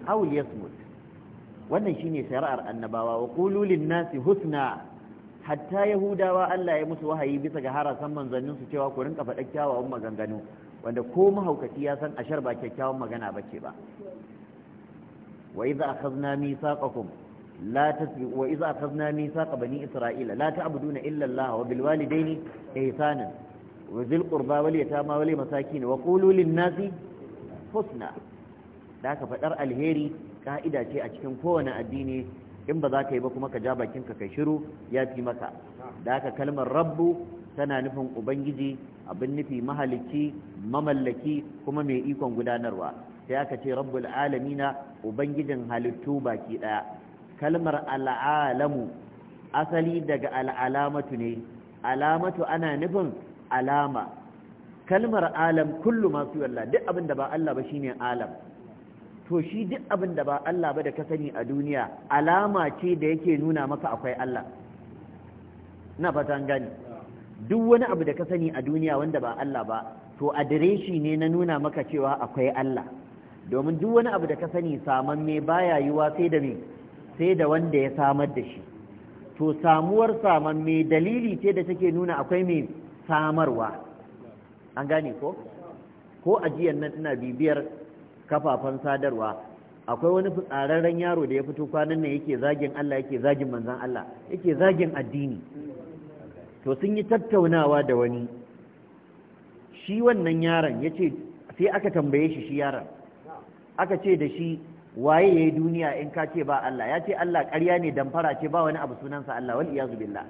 aw liyasmut wannan shine shari'ar annabawa wa qulu lin nasi husna hatta yahudawa Allah ya musu wahayi bisa ga harasan manzannin su cewa ku rinka faɗa kyawawan maganganu wanda ko mahaukaci ya san ashar ba kyakkyawan magana bace ba wa idza akhadna mithaqakum la wa idza akhadna mithaqa bani isra'ila la ta'buduna illa Allah wa bil walidayni ihsana wa dhil qurba wal yatama wal masakin wa qulu lin nasi husna da ka faɗar alheri ka'ida ce a cikin kowane addini in ba za ka yi ba kuma ka ja bakinka kai shiru ya fi maka da haka kalmar rabbu tana nufin ubangiji abin nufi mahalicci mamallaki kuma mai ikon gudanarwa sai aka ce rabbul alamina ubangijin halittu baki daya kalmar al'alamu asali daga al'alamatu ne alamatu ana nufin alama kalmar alam kullu masu yalla duk abin da ba Allah ba shine alam to shi duk abin da ba Allah ba da ka sani a duniya alama ce da yake nuna maka akwai Allah na fata gani duk wani abu da ka sani a duniya wanda ba Allah ba to adireshi ne na nuna maka cewa akwai Allah domin duk wani abu da ka sani saman me baya yiwa sai da me sai da wanda ya samar da shi to samuwar saman me dalili ce da take nuna akwai me samarwa an gane ko ko ajiyan nan ina bibiyar kafafen sadarwa akwai wani tsararren yaro da ya fito kwanan nan yake zagin Allah yake zagin manzan Allah yake zagin addini to sun yi tattaunawa da wani shi wannan yaron ya ce sai aka tambaye shi shi yaron aka ce da shi waye ya yi duniya in ka ce ba Allah ya ce Allah ƙarya ne damfara ce ba wani abu sunansa Allah wal iyazu billah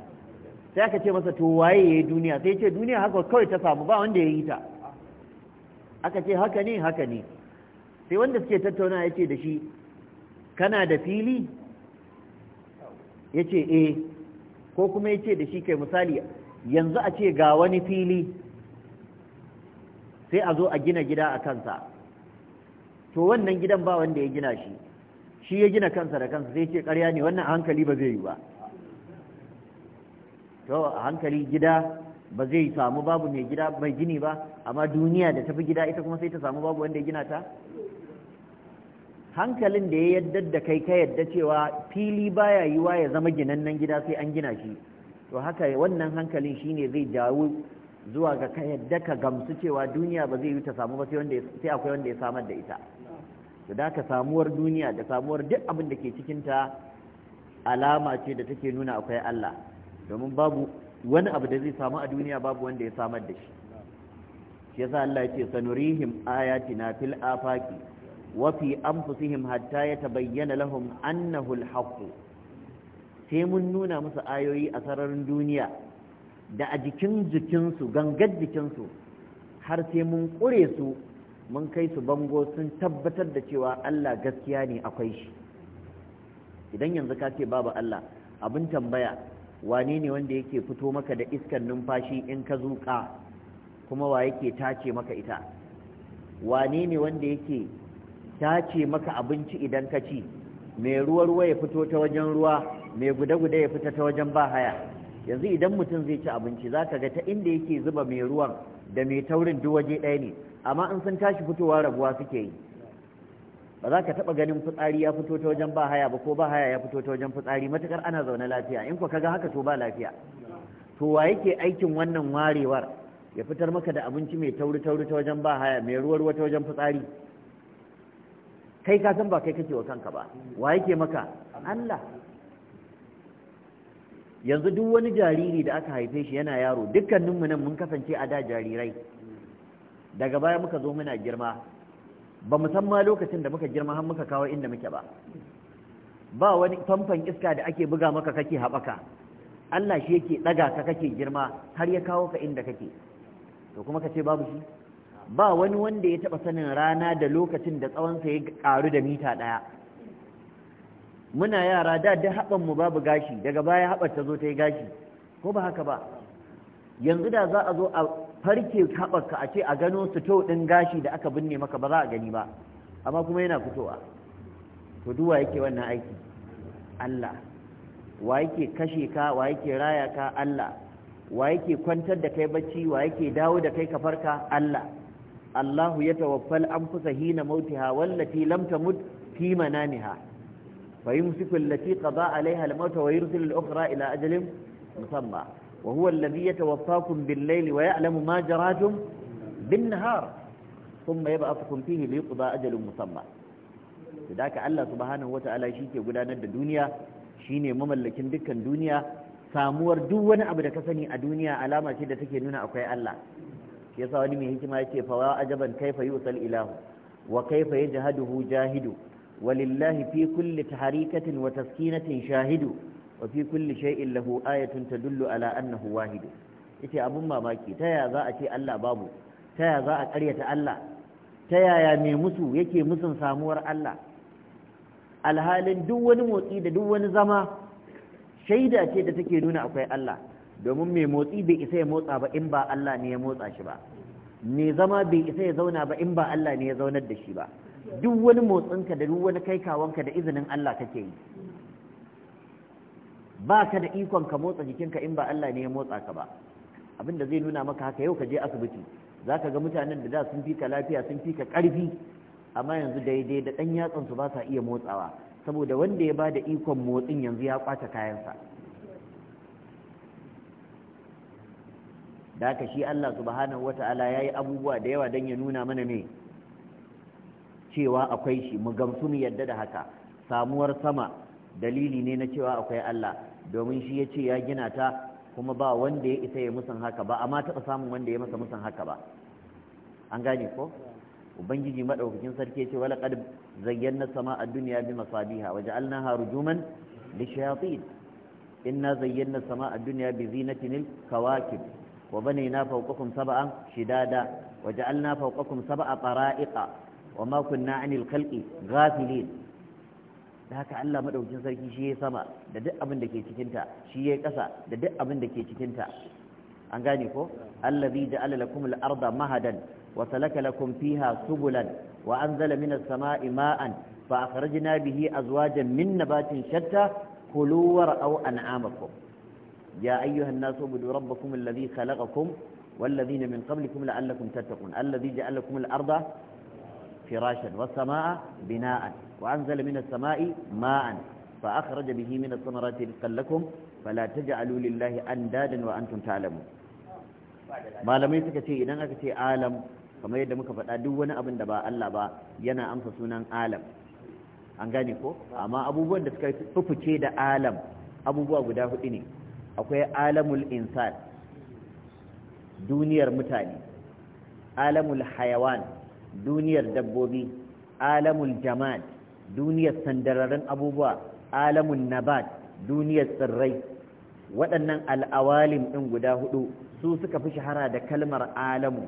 sai aka ce masa to waye ya yi duniya sai ce duniya haka kawai ta samu ba wanda ya yi ta aka ce haka ne haka ne sai wanda suke tattauna ya ce da shi kana da fili ya ce eh ko kuma ya ce da shi kai misali yanzu a ce ga wani fili sai a zo a gina gida a kansa to wannan gidan ba wanda ya gina shi shi ya gina kansa da kansa sai ce karya ne wannan a hankali ba zai yi ba to a hankali gida ba zai samu babu mai gida mai gini ba amma duniya da tafi gida ita kuma sai ta samu babu wanda ya gina ta hankalin da ya yarda da kai ka yadda cewa fili baya yiwa ya zama ginannen gida sai an gina shi to haka wannan hankalin shine zai jawo zuwa ga ka yadda ka gamsu cewa duniya ba zai yi ta samu ba sai akwai wanda ya samar da ita to da ka samuwar duniya da samuwar duk abin da ke ta alama ce da take nuna akwai Allah domin babu wani abu da zai samu a duniya babu wanda ya samar da shi shi yasa Allah ya ce sanurihim ayatina fil afaqi wafi fusihim hatta ya tabayyana lahum annahu alhaqu sai mun nuna musu ayoyi a sararin duniya da a jikin jikinsu gangar jikinsu har sai mun ƙure su mun kai su bango sun tabbatar da cewa Allah gaskiya ne akwai shi idan yanzu ka ce babu Allah abin tambaya wane ne wanda yake fito maka da iskar numfashi in ka zuƙa kuma wa yake tace maka ita wane ne wanda yake ta ce maka abinci idan ka ci mai ruwa ruwa ya fito ta wajen ruwa mai guda guda ya fita ta wajen ba haya yanzu idan mutum zai ci abinci za ka ga ta inda yake zuba mai ruwan da mai taurin duk waje ɗaya ne amma in sun tashi fitowa raguwa suke yi ba za ka taɓa ganin fitsari ya fito ta wajen ba haya ba ko ba haya ya fito ta wajen fitsari matukar ana zaune lafiya in ko ka ga haka to ba lafiya to wa yake aikin wannan warewar ya fitar maka da abinci mai tauri tauri ta wajen ba haya mai ruwa ruwa ta wajen fitsari kai ka san ba kai kake wa kanka ba wa yake maka Allah yanzu duk wani jariri da aka haife shi yana yaro mu nan mun kasance a da jarirai daga baya muka zo muna girma ba mu san ma lokacin da muka girma har muka kawo inda muke ba ba wani famfan iska da ake buga maka kake haɓaka Allah shi yake ɗaga ka kake girma har ya kawo ka inda kake to kuma ka ce babu shi ba wani wanda ya taɓa sanin rana da lokacin da tsawonsa ya karu da mita ɗaya muna yara da da mu babu gashi daga baya haɓar ta zo ta yi gashi ko ba haka ba yanzu da za a zo a farke haɓarka a ce a gano to ɗin gashi da aka binne maka ba za a gani ba amma kuma yana fitowa to duwa yake wannan aiki Allah wa yake kashe ka wa yake raya ka Allah wa yake kwantar da kai bacci wa yake dawo da kai ka farka Allah Allahu ya tawaffal anfusa hina mautiha wallati lam tamut fi manamiha فيمسك التي قضى عليها الموت ويرسل الأخرى إلى أجل مسمى وهو الذي يتوفاكم بالليل ويعلم ما جراتم بالنهار ثم يبعثكم فيه ليقضى أجل مسمى فذاك الله سبحانه وتعالى شيك يقولان أن الدنيا شيني مملكين دكا الدنيا samuwar duk wani abu da ka sani a duniya alama ce da take nuna akwai Allah shi yasa wani mai hikima yace fa wa ajaban kaifa yusal ilahu wa kaifa yajhaduhu jahidu walillahi fi kulli taharikatin wa taskinatin shahidu wa fi kulli shay'in lahu ayatun tadullu ala annahu wahid yace abun mamaki ta ya za a ce Allah babu ta ya za a karyata Allah ta yaya mai musu yake musun samuwar Allah alhalin duk wani motsi da duk wani zama shaida ce da take nuna akwai Allah domin mai motsi bai isa ya motsa ba in ba Allah ne ya motsa shi ba mai zama bai isa ya zauna ba in ba Allah ne ya zaunar da shi ba duk wani motsinka da duk wani kaikawanka da izinin Allah kake yi ba ka da ikon ka motsa jikinka in ba Allah ne ya motsa ka ba abin da zai nuna maka haka yau ka je asibiti za ka ga mutanen da da sun fi ka lafiya sun fi ka ƙarfi amma yanzu daidai da ɗan yatsansu ba sa iya motsawa saboda wanda ya ba da ikon motsin yanzu ya ƙwace kayansa da shi Allah subhanahu wata'ala yi abubuwa da yawa don ya nuna mana ne cewa akwai shi mu gamsu mu yadda da haka samuwar sama dalili ne na cewa akwai Allah domin shi ya ce ya gina ta kuma ba wanda ya isa ya musan haka ba amma taɓa samun wanda ya masa musan haka ba an gane ko ubangiji madaukakin sarki ce wala qad zayyana sama sama'a dunya bi masabiha wa ja'alnaha rujuman lishayatin inna zayyana sama sama'a dunya bi zinatin kawakib وبنينا فوقكم سبعا شدادا وجعلنا فوقكم سبع طرائق وما كنا عن الخلق غافلين da haka Allah madaukakin sarki shi ya sama da duk abin ke cikinta shi ya kasa da duk abin ke cikinta an gane ko allazi ja'ala lakum al-arda mahadan wa salaka lakum fiha subulan wa anzala minas sama'i ma'an fa akhrajna bihi azwajan min nabatin shatta kulu war'au an'amakum يا أيها الناس اعبدوا ربكم الذي خلقكم والذين من قبلكم لعلكم تتقون الذي جعل لكم الأرض فراشا والسماء بناء وأنزل من السماء ماء فأخرج به من الثمرات رزقا لكم فلا تجعلوا لله أندادا وأنتم تعلمون malamai suka ce idan aka ce alam kamar yadda muka faɗa duk wani abin da ba Allah ba yana amsa sunan alam an gane ko amma abubuwan da suka fifice da alam abubuwa guda hudu ne akwai alamul insan duniyar mutane alamul hayawan duniyar dabbobi alamul jamad duniyar sandararin abubuwa alamun nabat duniyar tsirrai waɗannan al'awalim ɗin guda hudu su suka fi shahara da kalmar alamu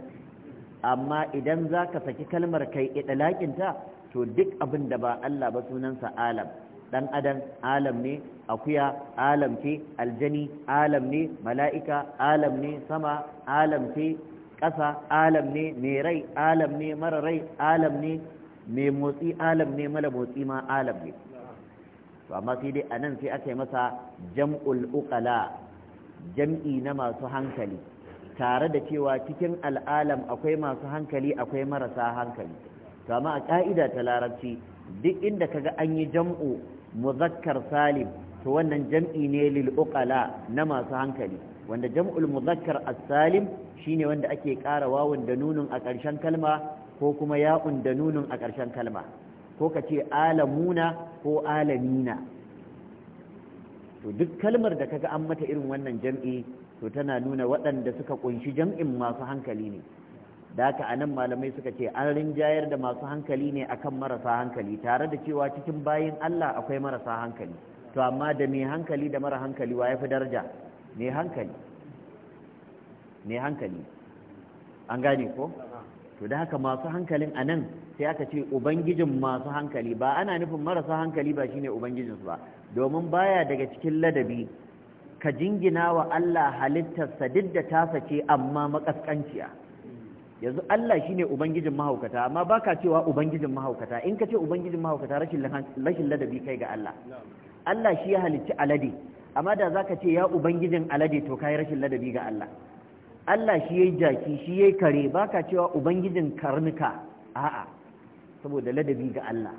amma idan za ka saki kalmar kai idalakinta to duk abin da ba Allah ba sunansa alam dan adam alam ne akuya alam ce aljani alam ne mala'ika alam ne sama alam ce ƙasa alam ne mai rai alam ne mara rai alam ne mai motsi alam ne mara motsi ma alam ne to amma sai dai anan sai aka yi masa jam'ul uqala jam'i na masu hankali tare da cewa cikin al'alam akwai masu hankali akwai marasa hankali to amma a ka'ida ta larabci duk inda kaga an yi jam'u muzakkar salim to wannan jam'i ne lil uqala na masu hankali wanda jam'ul muzakkar as-salim shine wanda ake ƙara wawun da a ƙarshen kalma ko kuma ya'un da nunun a ƙarshen kalma ko ka ce alamuna ko alamina to duk kalmar da kaga an mata irin wannan jam'i to tana nuna waɗanda suka ƙunshi jam'in masu hankali ne da haka a nan malamai suka ce an rinjayar da masu hankali ne akan marasa hankali tare da cewa cikin bayin Allah akwai marasa hankali to amma da mai hankali da mara hankali wa ya fi daraja mai hankali mai hankali an gane ko to da haka masu hankalin a nan sai aka ce ubangijin masu hankali ba ana nufin marasa hankali ba shine ubangijinsu ba domin baya daga cikin ladabi ka jingina wa Allah halittarsa duk da tasa ce amma makaskanciya yanzu Allah shi ne ubangijin mahaukata amma baka cewa ubangijin mahaukata in ka ce ubangijin mahaukata rashin ladabi kai ga Allah Allah shi ya halicci alade amma da za ka ce ya ubangijin alade to kai rashin ladabi ga Allah Allah shi yayi jaki shi yayi kare baka cewa ubangijin karnuka a'a saboda ladabi ga Allah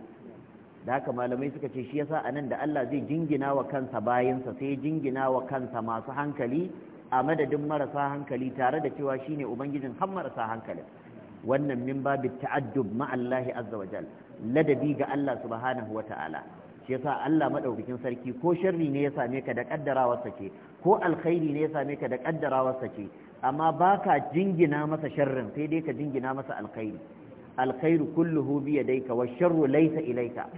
da haka malamai suka ce shi yasa anan da Allah zai jingina wa kansa bayansa sai jingina wa kansa masu hankali a madadin marasa hankali tare da cewa shine ubangijin har marasa hankalin wannan min babu ta'addub ma'allahi azza wa jal ladabi ga Allah subhanahu wa ta'ala shi yasa Allah madaukakin sarki ko sharri ne ya same ka da kaddarawarsa ke, ko alkhairi ne ya same ka da kaddarawarsa ke, amma baka jingina masa sharrin sai dai ka jingina masa alkhairi alkhairu kulluhu bi yadayka wash sharru laysa ilayka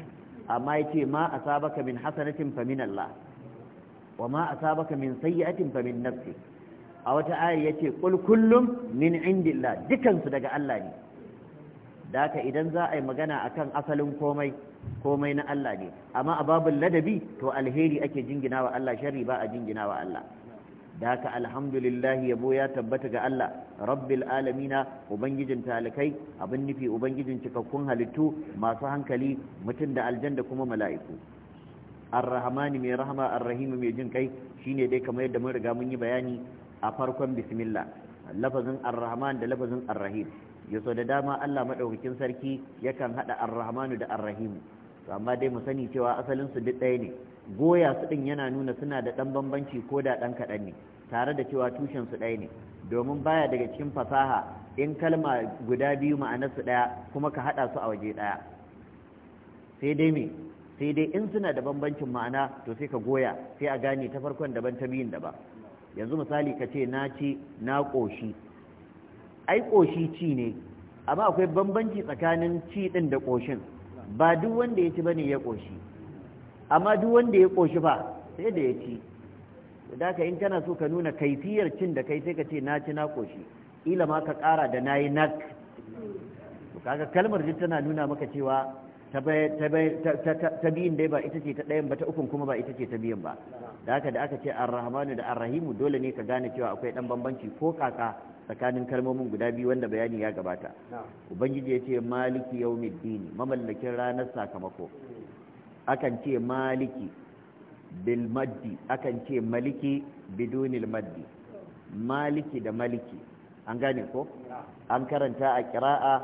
amma yace ma asabaka min hasanatin fa min Allah wa ma asabaka min sayyi'atin fa min nafsi a wata ayar yace qul kullum min indillah dukan su daga Allah ne da idan za a yi magana akan asalin komai komai na Allah ne amma a babin ladabi to alheri ake jinginawa Allah sharri ba a jinginawa Allah da haka alhamdulillah yabo ya tabbata ga Allah rabbil alamina ubangijin talikai abin nufi ubangijin cikakkun halittu masu hankali mutum da aljan da kuma mala'iku arrahmani mai rahama arrahimu mai jin kai shine dai kamar yadda mun riga mun yi bayani a farkon bismillah lafazin arrahman da lafazin arrahim rahim yaso da dama Allah madaukakin sarki yakan haɗa arrahmanu da arrahimu to amma dai mu sani cewa asalin su duk ɗaya ne goya su din yana nuna suna da ɗan bambanci ko da dan kadan ne tare da cewa tushen su ɗaya ne domin baya daga cikin fasaha in kalma guda biyu ma'anar su ɗaya kuma ka haɗa su a waje ɗaya sai dai me sai dai in suna da bambancin ma'ana to sai ka goya sai a gane ta farkon daban ta biyun daban yanzu misali ka ce na ci na ƙoshi ai ƙoshi ci ne amma akwai bambanci tsakanin ci ɗin da ƙoshin ba duk wanda ya ci ba ne ya ƙoshi amma duk wanda ya ƙoshi ba sai da ya ci da ka in kana so ka nuna kaifiyar cin da kai sai ka ce na ci na ƙoshi ila ma ka ƙara da na yi nak kaga kalmar duk tana nuna maka cewa ta biyun dai ba ita ce ta ɗayan ba ta ukun kuma ba ita ce ta biyun ba da haka da aka ce arrahmanu da arrahimu dole ne ka gane cewa akwai ɗan bambanci ko kaka tsakanin kalmomin guda biyu wanda bayani ya gabata ubangiji ya ce maliki dini mamallakin ranar sakamako akan ce maliki bil akan ce maliki bidunil maddi maliki da maliki an gane ko an karanta a kira'a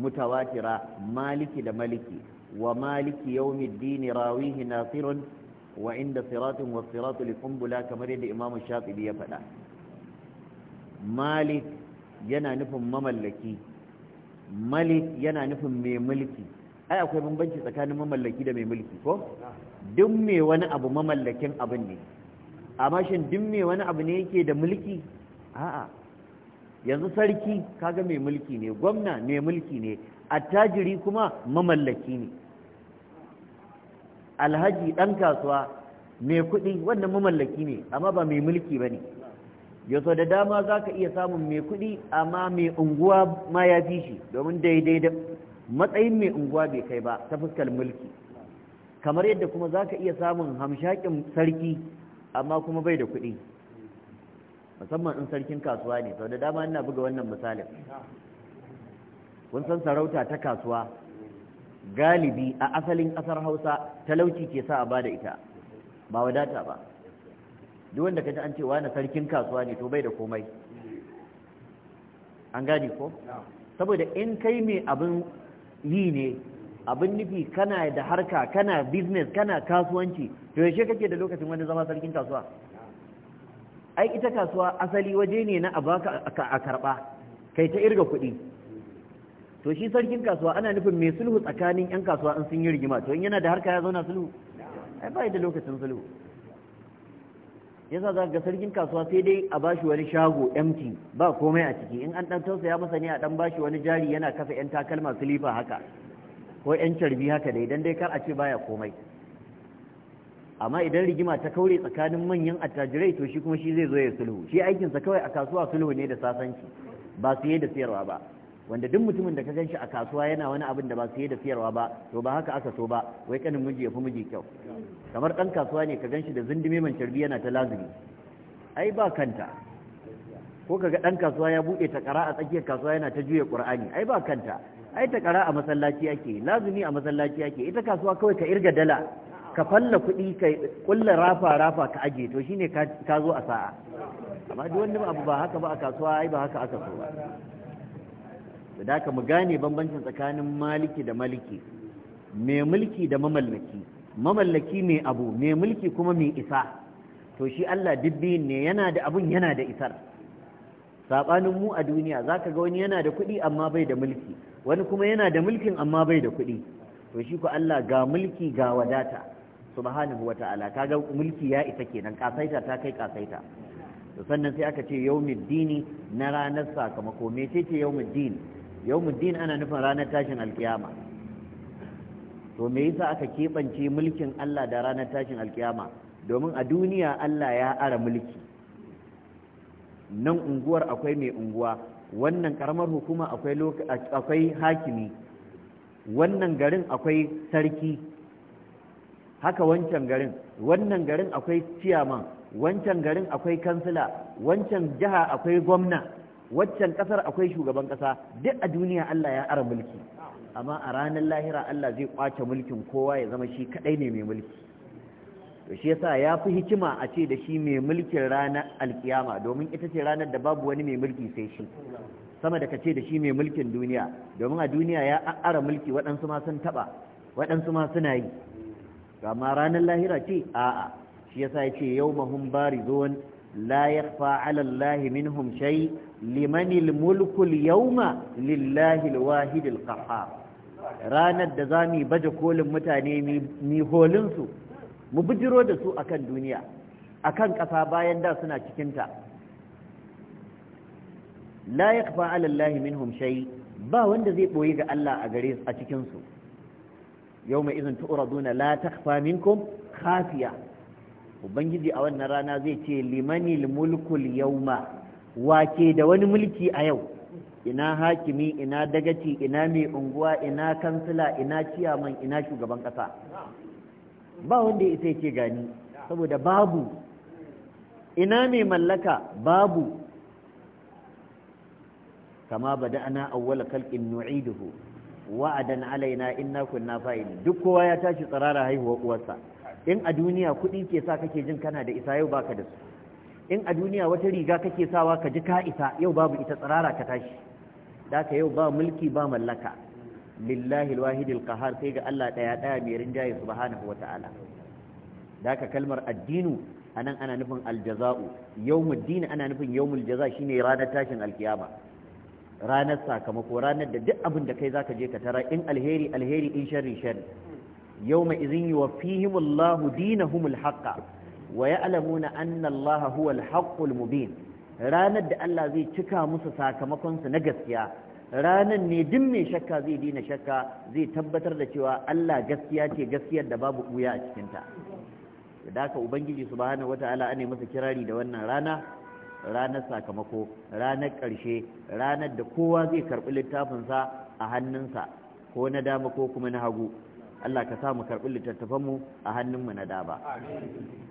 mutawatira maliki da maliki wa maliki yawmiddin rawihi nasirun wa inda siratun wa siratu liqumbula kamar yadda Imam Shafi'i ya faɗa malik yana nufin mamallaki malik yana nufin mai mulki ai akwai bambanci tsakanin mamallaki da mai mulki ko duk wani abu mamallakin abin ne amma shin duk wani abu ne yake da mulki a'a yanzu sarki kaga mai mulki ne gwamna mai mulki ne attajiri kuma mamallaki ne alhaji ɗan kasuwa mai kuɗi wannan mamallaki ne amma ba mai mulki ba ne yaso da dama za ka iya samun mai kuɗi amma mai unguwa ma ya fi shi domin daidai da matsayin mai unguwa bai kai ba ta fuskar mulki kamar yadda kuma za ka iya samun hamshakin sarki amma kuma bai da kuɗi musamman in sarkin kasuwa ne sau da dama ina buga wannan misalin kun san sarauta ta kasuwa galibi a asalin ƙasar hausa talauci ke sa a ba da ita ba wadata ba duk wanda ka an cewa na sarkin kasuwa ne to bai da komai an gani ko saboda in kai mai abin yi ne abin nufi kana da harka kana business kana kasuwanci to yaushe kake da lokacin wani zama sarkin kasuwa ai ita kasuwa asali waje ne na abaka a karba kai ta irga kuɗi to shi sarkin kasuwa ana nufin mai sulhu tsakanin yan kasuwa in sun yi rigima to in yana da harka ya zauna sulhu ai ba da lokacin sulhu yasa za ga sarkin kasuwa sai dai a bashi wani shago empty ba komai a ciki in an dan tausaya masa ne a dan bashi wani jari yana kafa yan takalma silifa haka ko yan carbi haka dai dan dai kar a ce baya komai amma idan rigima ta kaure tsakanin manyan attajirai to shi kuma shi zai zo ya sulhu shi aikin sa kawai a kasuwa sulhu ne da sasanci ba su da siyarwa ba wanda duk mutumin da ka ganshi a kasuwa yana wani abin da ba su da siyarwa ba to ba haka aka so ba wai kanin miji ya fi miji kyau kamar dan kasuwa ne ka ganshi da zindime man carbi yana ta lazumi ai ba kanta ko kaga dan kasuwa ya buɗe takara a tsakiyar kasuwa yana ta juya qur'ani ai ba kanta ai kara a masallaci ake lazumi a masallaci ake ita kasuwa kawai ka irga dala ka falla kuɗi ka kulla rafa rafa ka aje to shine ka zo a sa'a amma duk wani abu ba haka ba a kasuwa ai ba haka aka so ba da ka mu gane bambancin tsakanin maliki da maliki mai mulki da mamallaki mamallaki mai abu mai mulki kuma mai isa to shi Allah dibbi ne yana da abun yana da isar sabanin mu a duniya zaka ga wani yana da kuɗi amma bai da mulki wani kuma yana da mulkin amma bai da kuɗi to shi ko Allah ga mulki ga wadata subhanahu wa ta'ala kaga mulki ya isa kenan kasaita ta kai kasaita to sannan sai aka ce dini na ranar sakamako mecece yawmiddin din ana nufin ranar tashin alkiyama to me yasa aka keɓance mulkin Allah da ranar tashin alkiyama domin a duniya Allah ya ara mulki nan unguwar akwai mai unguwa wannan karamar hukuma akwai hakimi wannan garin akwai sarki haka wancan garin wannan garin akwai ciyaman wancan garin akwai kansila wancan jiha akwai gwamna waccan kasar akwai shugaban kasa duk a duniya Allah ya ara mulki amma a ranar lahira Allah zai kwace mulkin kowa ya zama shi kadai ne mai mulki to shi yasa ya fi hikima a ce da shi mai mulkin ranar alkiyama domin ita ce ranar da babu wani mai mulki sai shi sama da kace da shi mai mulkin duniya domin a duniya ya ara mulki waɗansu ma sun taba waɗansu ma suna yi amma ranar lahira ce a'a shi yasa yace yauma barizun la yakhfa 'ala allahi minhum shay limanil mulku al lillahi al-wahid ranar da zamu baje kolin mutane mi holin su mu bijiro da su akan duniya akan ƙasa bayan da suna cikin ta la yakhfa 'ala ba wanda zai boye ga Allah a gare a cikin yawma idhin tu'raduna la takhfa minkum khafiya ubangiji a wannan rana zai ce limanil mulkul yawma wake da wani mulki a yau ina hakimi ina dagaci ina mai unguwa ina kansila ina ciyaman ina shugaban kasa ba wanda ya isa ce gani saboda babu ina mai mallaka babu kama bada ana awwala kalkin nu'iduhu wa'adan alaina na kunna fa'ilin duk kowa ya tashi tsirara haihuwa uwarsa in a duniya kuɗi ke sa kake jin kana da isa yau baka da su in a duniya wata riga kake sawa ka ji ka isa yau babu ita tsirara ka tashi da ka yau ba mulki ba mallaka lillahi alwahidil qahar sai ga Allah daya daya mai rinjaye subhanahu wataala da ka kalmar addinu anan ana nufin aljaza'u yawmud din ana nufin yawmul jaza shine ranar tashin alkiyama ranar sakamako ranar da duk abin da kai zaka je ka tara in alheri alheri in sharri sharri yawma idhin Allahu dinahumul haqqa wa ya'lamuna anna allaha huwal haqqul mubin ranar da Allah zai cika musu sakamakon su na gaskiya ranar ne duk mai shakka zai dina shakka zai tabbatar da cewa Allah gaskiya ce gaskiyar da babu buya a cikinta da haka ubangiji subhanahu wataala ne masa kirari da wannan rana ranar sakamako ranar ƙarshe ranar da kowa zai karɓi littafinsa a hannunsa ko na dama ko kuma na hagu Allah ka sa mu karɓi littattafanmu a hannunmu na daba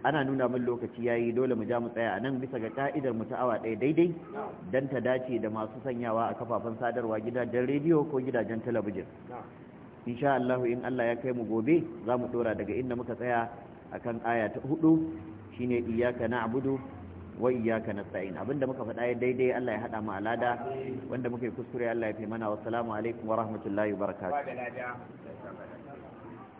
ana nuna min lokaci ya yi dole mu ja mu tsaya a nan bisa ga ka'idar mu ta awa ɗaya daidai don ta dace da masu sanyawa a kafafen sadarwa gidajen rediyo ko gidajen talabijin insha Allah in Allah ya kai mu gobe za mu ɗora daga inda muka tsaya akan aya ta hudu shine iyyaka na'budu wa iyyaka nasta'in abinda muka faɗa ya daidai Allah ya haɗa mu alada wanda muka yi kuskure Allah ya fi mana salamu alaikum wa rahmatullahi wa barakatuh